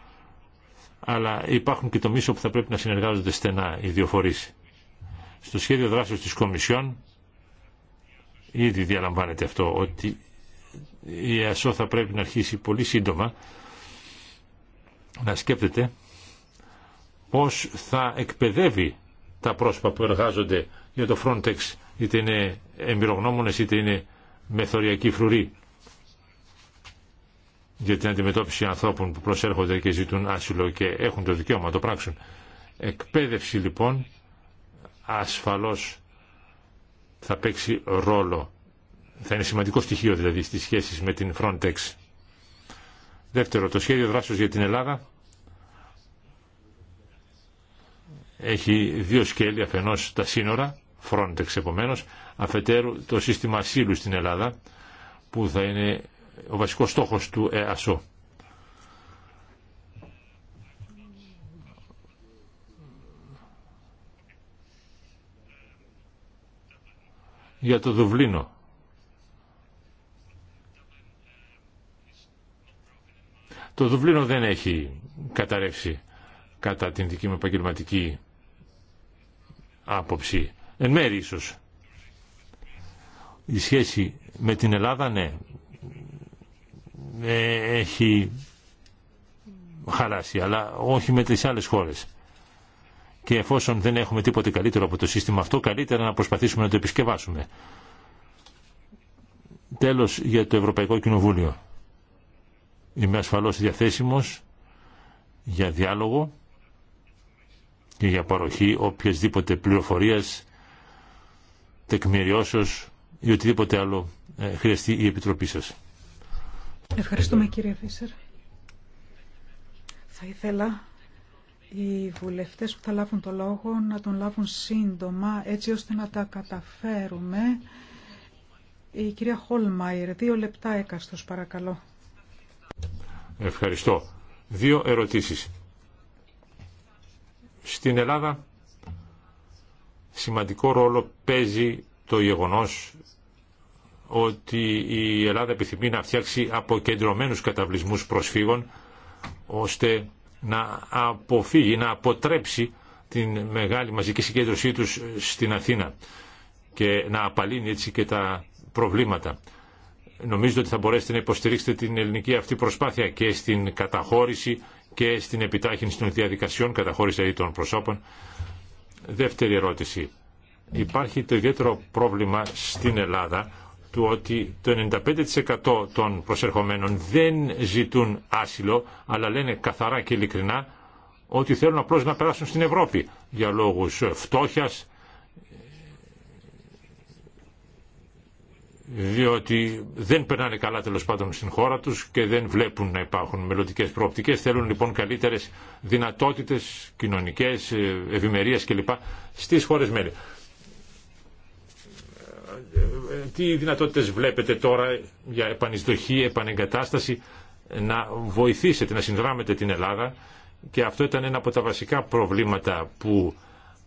Αλλά υπάρχουν και μίσο που θα πρέπει να συνεργάζονται στενά οι δύο φορείς. Στο σχέδιο δράσεως της Κομισιόν Ήδη διαλαμβάνεται αυτό ότι η ΑΣΟ θα πρέπει να αρχίσει πολύ σύντομα να σκέπτεται πώς θα εκπαιδεύει τα πρόσωπα που εργάζονται για το Frontex, είτε είναι εμπειρογνώμονες είτε είναι μεθοριακοί φρουροί για την αντιμετώπιση ανθρώπων που προσέρχονται και ζητούν άσυλο και έχουν το δικαίωμα να το πράξουν. Εκπαίδευση λοιπόν ασφαλώς θα παίξει ρόλο. Θα είναι σημαντικό στοιχείο δηλαδή στις σχέσεις με την Frontex. Δεύτερο, το σχέδιο δράσεως για την Ελλάδα έχει δύο σκέλη, αφενός τα σύνορα, Frontex επομένως, αφετέρου το σύστημα ασύλου στην Ελλάδα, που θα είναι ο βασικός στόχος του ΕΑΣΟ. για το Δουβλίνο. Το Δουβλίνο δεν έχει καταρρεύσει κατά την δική μου επαγγελματική άποψη. Εν μέρη ίσως. Η σχέση με την Ελλάδα, ναι, ε, έχει χαλάσει, αλλά όχι με τις άλλες χώρες και εφόσον δεν έχουμε τίποτε καλύτερο από το σύστημα αυτό, καλύτερα να προσπαθήσουμε να το επισκευάσουμε. Τέλος για το Ευρωπαϊκό Κοινοβούλιο. Είμαι ασφαλώς διαθέσιμος για διάλογο και για παροχή οποιασδήποτε πληροφορίας, τεκμηριώσεως ή οτιδήποτε άλλο ε, χρειαστεί η Επιτροπή σας. Ευχαριστούμε κύριε Φίσερ. Θα ήθελα οι βουλευτές που θα λάβουν το λόγο να τον λάβουν σύντομα έτσι ώστε να τα καταφέρουμε. Η κυρία Χολμάιρ, δύο λεπτά έκαστος παρακαλώ. Ευχαριστώ. Δύο ερωτήσεις. Στην Ελλάδα σημαντικό ρόλο παίζει το γεγονός ότι η Ελλάδα επιθυμεί να φτιάξει αποκεντρωμένους καταβλισμούς προσφύγων ώστε να αποφύγει, να αποτρέψει την μεγάλη μαζική συγκέντρωσή τους στην Αθήνα και να απαλύνει έτσι και τα προβλήματα. Νομίζω ότι θα μπορέσετε να υποστηρίξετε την ελληνική αυτή προσπάθεια και στην καταχώρηση και στην επιτάχυνση των διαδικασιών, καταχώρηση δηλαδή, των προσώπων. Δεύτερη ερώτηση. Υπάρχει το ιδιαίτερο πρόβλημα στην Ελλάδα του ότι το 95% των προσερχομένων δεν ζητούν άσυλο, αλλά λένε καθαρά και ειλικρινά ότι θέλουν απλώ να περάσουν στην Ευρώπη για λόγου φτώχεια, διότι δεν περνάνε καλά τέλο πάντων στην χώρα τους και δεν βλέπουν να υπάρχουν μελλοντικέ προοπτικές. Θέλουν λοιπόν καλύτερες δυνατότητες κοινωνικές, ευημερίας κλπ. στι χώρε μέλη τι δυνατότητες βλέπετε τώρα για επανεισδοχή, επανεγκατάσταση να βοηθήσετε, να συνδράμετε την Ελλάδα και αυτό ήταν ένα από τα βασικά προβλήματα που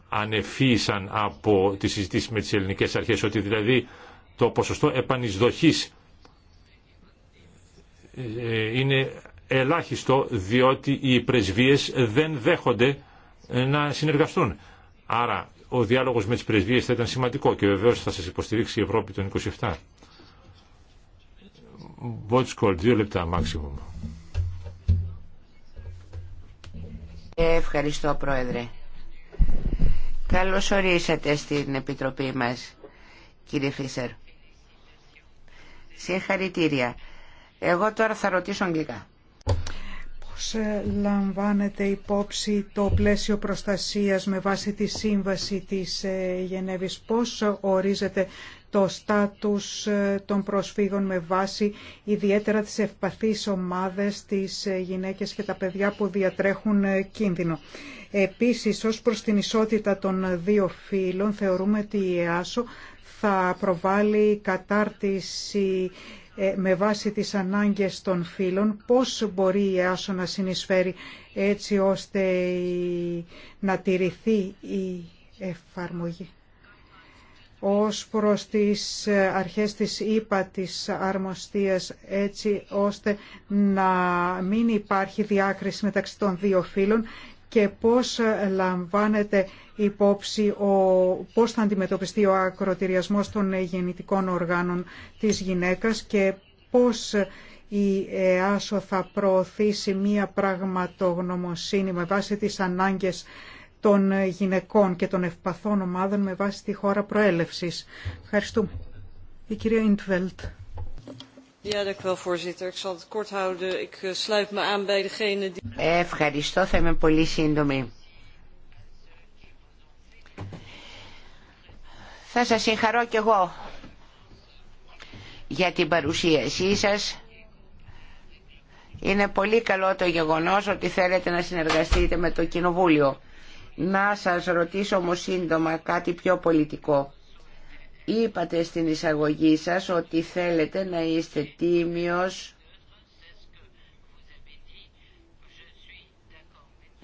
ανεφήσαν από τις συζήτηση με τις ελληνικές αρχές ότι δηλαδή το ποσοστό επανεισδοχής ε, είναι ελάχιστο διότι οι πρεσβείες δεν δέχονται να συνεργαστούν. Άρα ο διάλογος με τις πρεσβείες θα ήταν σημαντικό και βεβαίω θα σας υποστηρίξει η Ευρώπη των 27. δύο λεπτά Ευχαριστώ Πρόεδρε. Καλώς ορίσατε στην Επιτροπή μας, κύριε Φίσερ. Συγχαρητήρια. Εγώ τώρα θα ρωτήσω αγγλικά πώς λαμβάνεται υπόψη το πλαίσιο προστασίας με βάση τη σύμβαση της ε, Γενέβης, πώς ορίζεται το στάτους ε, των προσφύγων με βάση ιδιαίτερα τις ευπαθείς ομάδες, τις ε, γυναίκες και τα παιδιά που διατρέχουν κίνδυνο. Επίσης, ως προς την ισότητα των δύο φύλων, θεωρούμε ότι η ΕΑΣΟ θα προβάλλει κατάρτιση ε, με βάση τις ανάγκες των φίλων πώς μπορεί η ΕΑΣΟ να συνεισφέρει έτσι ώστε να τηρηθεί η εφαρμογή. Ως προς τις ε, αρχές της ΥΠΑ της αρμοστίας έτσι ώστε να μην υπάρχει διάκριση μεταξύ των δύο φύλων και πώς λαμβάνεται υπόψη ο, πώς θα αντιμετωπιστεί ο ακροτηριασμός των γεννητικών οργάνων της γυναίκας και πώς η ΕΑΣΟ θα προωθήσει μία πραγματογνωμοσύνη με βάση τις ανάγκες των γυναικών και των ευπαθών ομάδων με βάση τη χώρα προέλευσης. Ευχαριστούμε. Η κυρία Ιντβέλτ. Ευχαριστώ, θα είμαι πολύ σύντομη. Θα σας συγχαρώ κι εγώ για την παρουσίασή σας. Είναι πολύ καλό το γεγονός ότι θέλετε να συνεργαστείτε με το Κοινοβούλιο. Να σας ρωτήσω όμως σύντομα κάτι πιο πολιτικό. Είπατε στην εισαγωγή σας ότι θέλετε να είστε τίμιος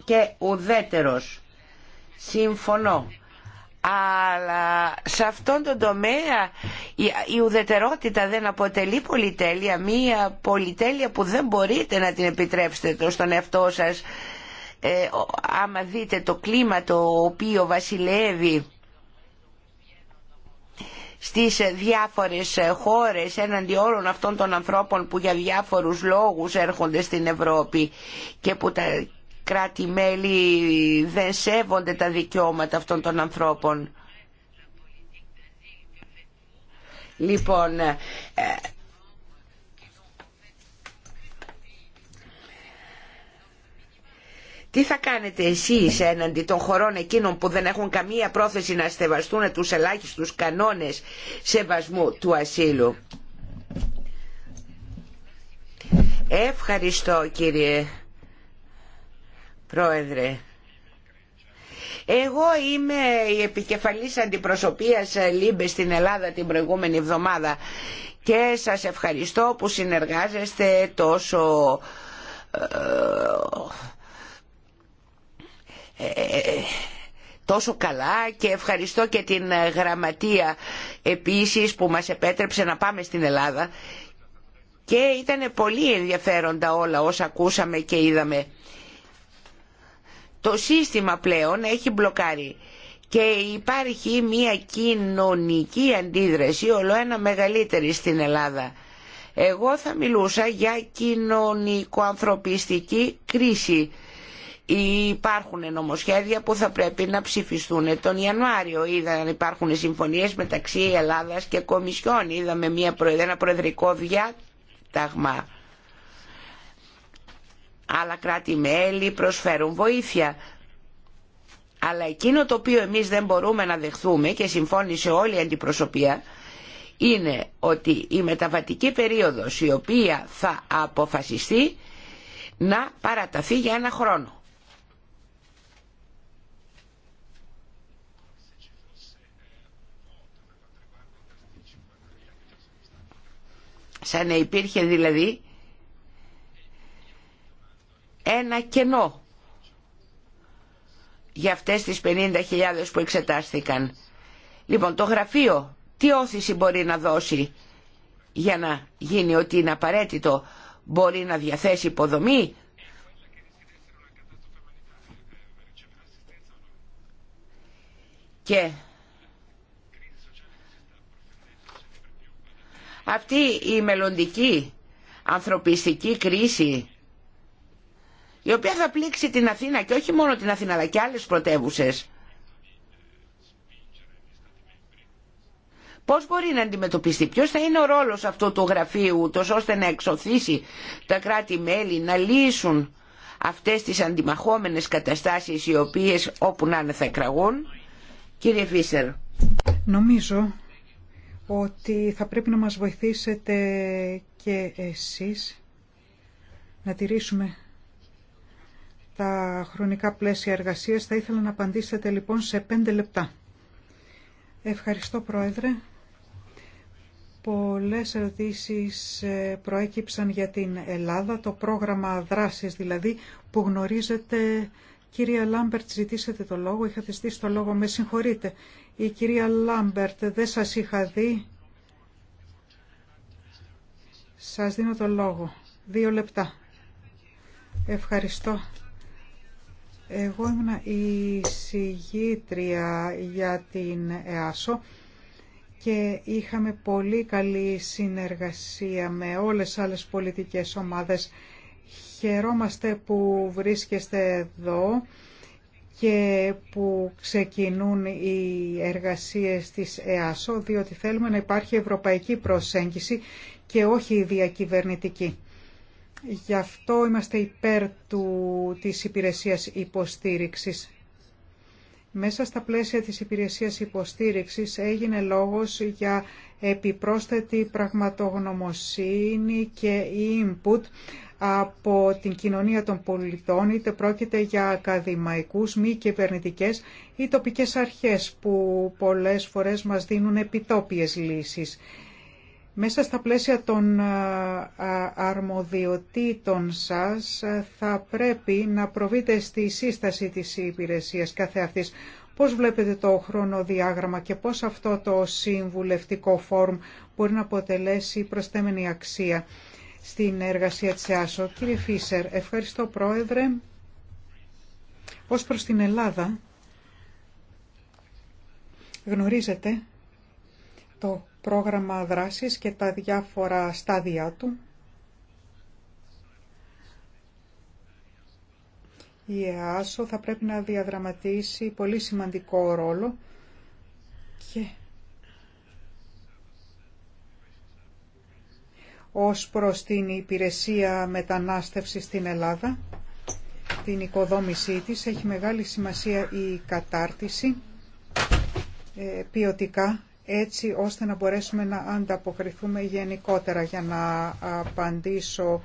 και ουδέτερος. Συμφωνώ. Αλλά σε αυτόν τον τομέα η ουδετερότητα δεν αποτελεί πολυτέλεια, μία πολυτέλεια που δεν μπορείτε να την επιτρέψετε στον εαυτό σας ε, άμα δείτε το κλίμα το οποίο βασιλεύει στις διάφορες χώρες έναντι όλων αυτών των ανθρώπων που για διάφορους λόγους έρχονται στην Ευρώπη και που τα κράτη-μέλη δεν σέβονται τα δικαιώματα αυτών των ανθρώπων. Λοιπόν, ε, Τι θα κάνετε εσείς έναντι των χωρών εκείνων που δεν έχουν καμία πρόθεση να στεβαστούν τους ελάχιστους κανόνες σεβασμού του ασύλου. Ευχαριστώ κύριε Πρόεδρε. Εγώ είμαι η επικεφαλής αντιπροσωπείας ε, Λίμπε στην Ελλάδα την προηγούμενη εβδομάδα και σας ευχαριστώ που συνεργάζεστε τόσο ε, ε, ε, ε, τόσο καλά και ευχαριστώ και την γραμματεία επίσης που μας επέτρεψε να πάμε στην Ελλάδα και ήταν πολύ ενδιαφέροντα όλα όσα ακούσαμε και είδαμε. Το σύστημα πλέον έχει μπλοκάρει και υπάρχει μια κοινωνική αντίδραση όλο ένα μεγαλύτερη στην Ελλάδα. Εγώ θα μιλούσα για κοινωνικο-ανθρωπιστική κρίση Υπάρχουν νομοσχέδια που θα πρέπει να ψηφιστούν τον Ιανουάριο. Είδαν υπάρχουν συμφωνίες μεταξύ Ελλάδας και Κομισιόν. Είδαμε μια, ένα προεδρικό διάταγμα. Άλλα κράτη-μέλη προσφέρουν βοήθεια. Αλλά εκείνο το οποίο εμείς δεν μπορούμε να δεχθούμε και συμφώνησε όλη η αντιπροσωπεία είναι ότι η μεταβατική περίοδος η οποία θα αποφασιστεί να παραταθεί για ένα χρόνο. σαν να υπήρχε δηλαδή ένα κενό για αυτές τις 50.000 που εξετάστηκαν. Λοιπόν, το γραφείο τι όθηση μπορεί να δώσει για να γίνει ότι είναι απαραίτητο. Μπορεί να διαθέσει υποδομή. Και Αυτή η μελλοντική ανθρωπιστική κρίση η οποία θα πλήξει την Αθήνα και όχι μόνο την Αθήνα αλλά και άλλες πρωτεύουσες Πώς μπορεί να αντιμετωπιστεί, ποιος θα είναι ο ρόλος αυτού του γραφείου, τόσο ώστε να εξωθήσει τα κράτη-μέλη, να λύσουν αυτές τις αντιμαχόμενες καταστάσεις οι οποίες όπου να είναι θα εκραγούν. Κύριε Φίσερ. Νομίζω ότι θα πρέπει να μας βοηθήσετε και εσείς να τηρήσουμε τα χρονικά πλαίσια εργασίας. Θα ήθελα να απαντήσετε λοιπόν σε πέντε λεπτά. Ευχαριστώ Πρόεδρε. Πολλές ερωτήσεις ε, προέκυψαν για την Ελλάδα, το πρόγραμμα δράσης δηλαδή που γνωρίζετε. Κύριε Λάμπερτ, ζητήσατε το λόγο, είχατε στήσει το λόγο, με συγχωρείτε. Η κυρία Λάμπερτ, δεν σας είχα δει. Σας δίνω το λόγο. Δύο λεπτά. Ευχαριστώ. Εγώ ήμουν η συγγήτρια για την ΕΑΣΟ και είχαμε πολύ καλή συνεργασία με όλες τις άλλες πολιτικές ομάδες. Χαιρόμαστε που βρίσκεστε εδώ και που ξεκινούν οι εργασίες της ΕΑΣΟ, διότι θέλουμε να υπάρχει ευρωπαϊκή προσέγγιση και όχι η διακυβερνητική. Γι' αυτό είμαστε υπέρ του, της υπηρεσίας υποστήριξης. Μέσα στα πλαίσια της υπηρεσίας υποστήριξης έγινε λόγος για επιπρόσθετη πραγματογνωμοσύνη και input από την κοινωνία των πολιτών, είτε πρόκειται για ακαδημαϊκούς, μη κυβερνητικέ ή τοπικές αρχές που πολλές φορές μας δίνουν επιτόπιες λύσεις. Μέσα στα πλαίσια των αρμοδιοτήτων σας θα πρέπει να προβείτε στη σύσταση της υπηρεσίας κάθε αυτής, Πώς βλέπετε το χρονοδιάγραμμα και πώς αυτό το συμβουλευτικό φόρουμ μπορεί να αποτελέσει προσθέμενη αξία στην εργασία της ΕΑΣΟ. Κύριε Φίσερ, ευχαριστώ Πρόεδρε. Ως προς την Ελλάδα, γνωρίζετε το πρόγραμμα δράσης και τα διάφορα στάδια του η ΕΑΣΟ θα πρέπει να διαδραματίσει πολύ σημαντικό ρόλο και ως προς την υπηρεσία μετανάστευσης στην Ελλάδα, την οικοδόμησή της, έχει μεγάλη σημασία η κατάρτιση ε, ποιοτικά έτσι ώστε να μπορέσουμε να ανταποκριθούμε γενικότερα για να απαντήσω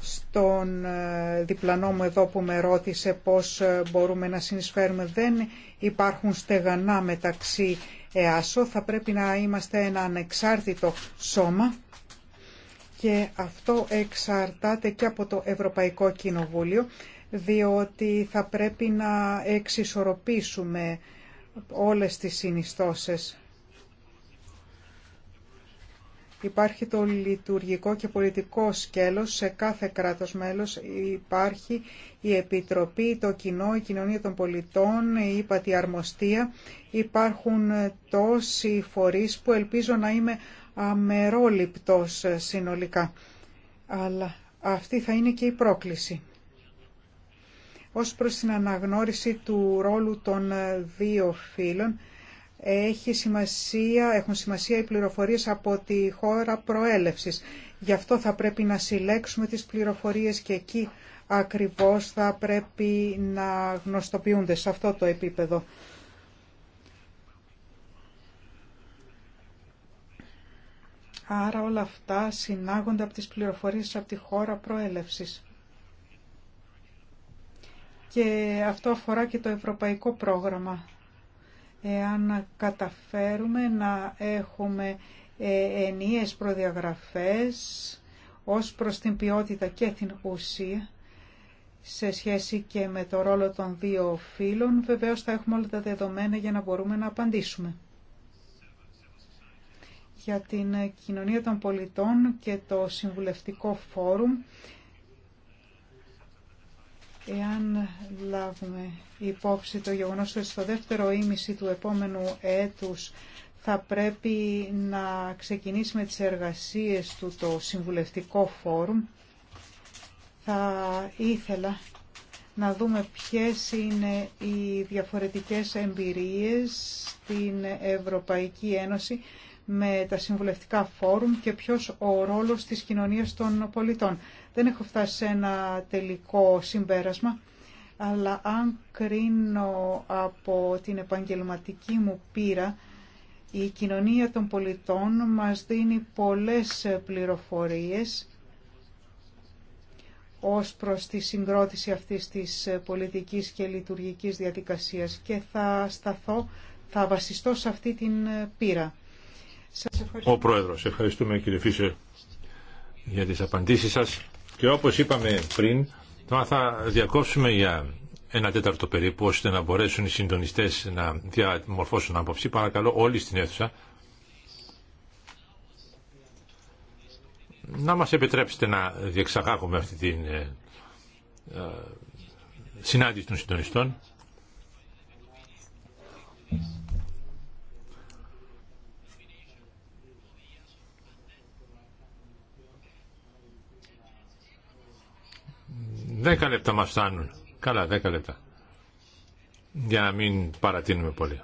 στον ε, διπλανό μου εδώ που με ρώτησε πώς ε, μπορούμε να συνεισφέρουμε. Δεν υπάρχουν στεγανά μεταξύ ΕΑΣΟ, θα πρέπει να είμαστε ένα ανεξάρτητο σώμα και αυτό εξαρτάται και από το Ευρωπαϊκό Κοινοβούλιο, διότι θα πρέπει να εξισορροπήσουμε όλες τις συνιστώσεις Υπάρχει το λειτουργικό και πολιτικό σκέλος σε κάθε κράτος μέλος. Υπάρχει η Επιτροπή, το κοινό, η κοινωνία των πολιτών, η Πατιαρμοστία. Υπάρχουν τόσοι φορείς που ελπίζω να είμαι αμερόληπτος συνολικά. Αλλά αυτή θα είναι και η πρόκληση. Ως προς την αναγνώριση του ρόλου των δύο φίλων, έχει σημασία, έχουν σημασία οι πληροφορίες από τη χώρα προέλευσης. Γι' αυτό θα πρέπει να συλλέξουμε τις πληροφορίες και εκεί ακριβώς θα πρέπει να γνωστοποιούνται σε αυτό το επίπεδο. Άρα όλα αυτά συνάγονται από τις πληροφορίες από τη χώρα προέλευσης. Και αυτό αφορά και το ευρωπαϊκό πρόγραμμα εάν καταφέρουμε να έχουμε ε, ενίες προδιαγραφές ως προς την ποιότητα και την ουσία σε σχέση και με το ρόλο των δύο φίλων, βεβαίως θα έχουμε όλα τα δεδομένα για να μπορούμε να απαντήσουμε. Για την κοινωνία των πολιτών και το συμβουλευτικό φόρουμ Εάν λάβουμε υπόψη το γεγονός ότι στο δεύτερο ήμιση του επόμενου έτους θα πρέπει να ξεκινήσουμε τις εργασίες του το Συμβουλευτικό Φόρουμ, θα ήθελα να δούμε ποιες είναι οι διαφορετικές εμπειρίες στην Ευρωπαϊκή Ένωση με τα συμβουλευτικά φόρουμ και ποιος ο ρόλος της κοινωνίας των πολιτών. Δεν έχω φτάσει σε ένα τελικό συμπέρασμα, αλλά αν κρίνω από την επαγγελματική μου πείρα, η κοινωνία των πολιτών μας δίνει πολλές πληροφορίες ως προς τη συγκρότηση αυτής της πολιτικής και λειτουργικής διαδικασίας και θα σταθώ, θα βασιστώ σε αυτή την πείρα. Ο Πρόεδρος, ευχαριστούμε κύριε Φίσερ για τις απαντήσεις σας. Και όπως είπαμε πριν, τώρα θα διακόψουμε για ένα τέταρτο περίπου, ώστε να μπορέσουν οι συντονιστές να διαμορφώσουν άποψη. Παρακαλώ όλοι στην αίθουσα. Να μας επιτρέψετε να διεξαγάγουμε αυτή τη ε, ε, συνάντηση των συντονιστών. Δέκα λεπτά μας φτάνουν. Καλά, δέκα λεπτά. Για να μην παρατείνουμε πολύ.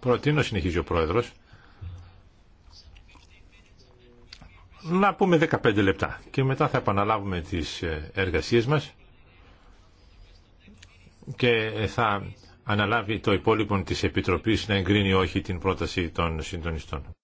Προτείνω, συνεχίζει ο Πρόεδρος, να πούμε 15 λεπτά και μετά θα επαναλάβουμε τις ε, εργασίες μας και ε, θα αναλάβει το υπόλοιπο της Επιτροπής να εγκρίνει όχι την πρόταση των συντονιστών.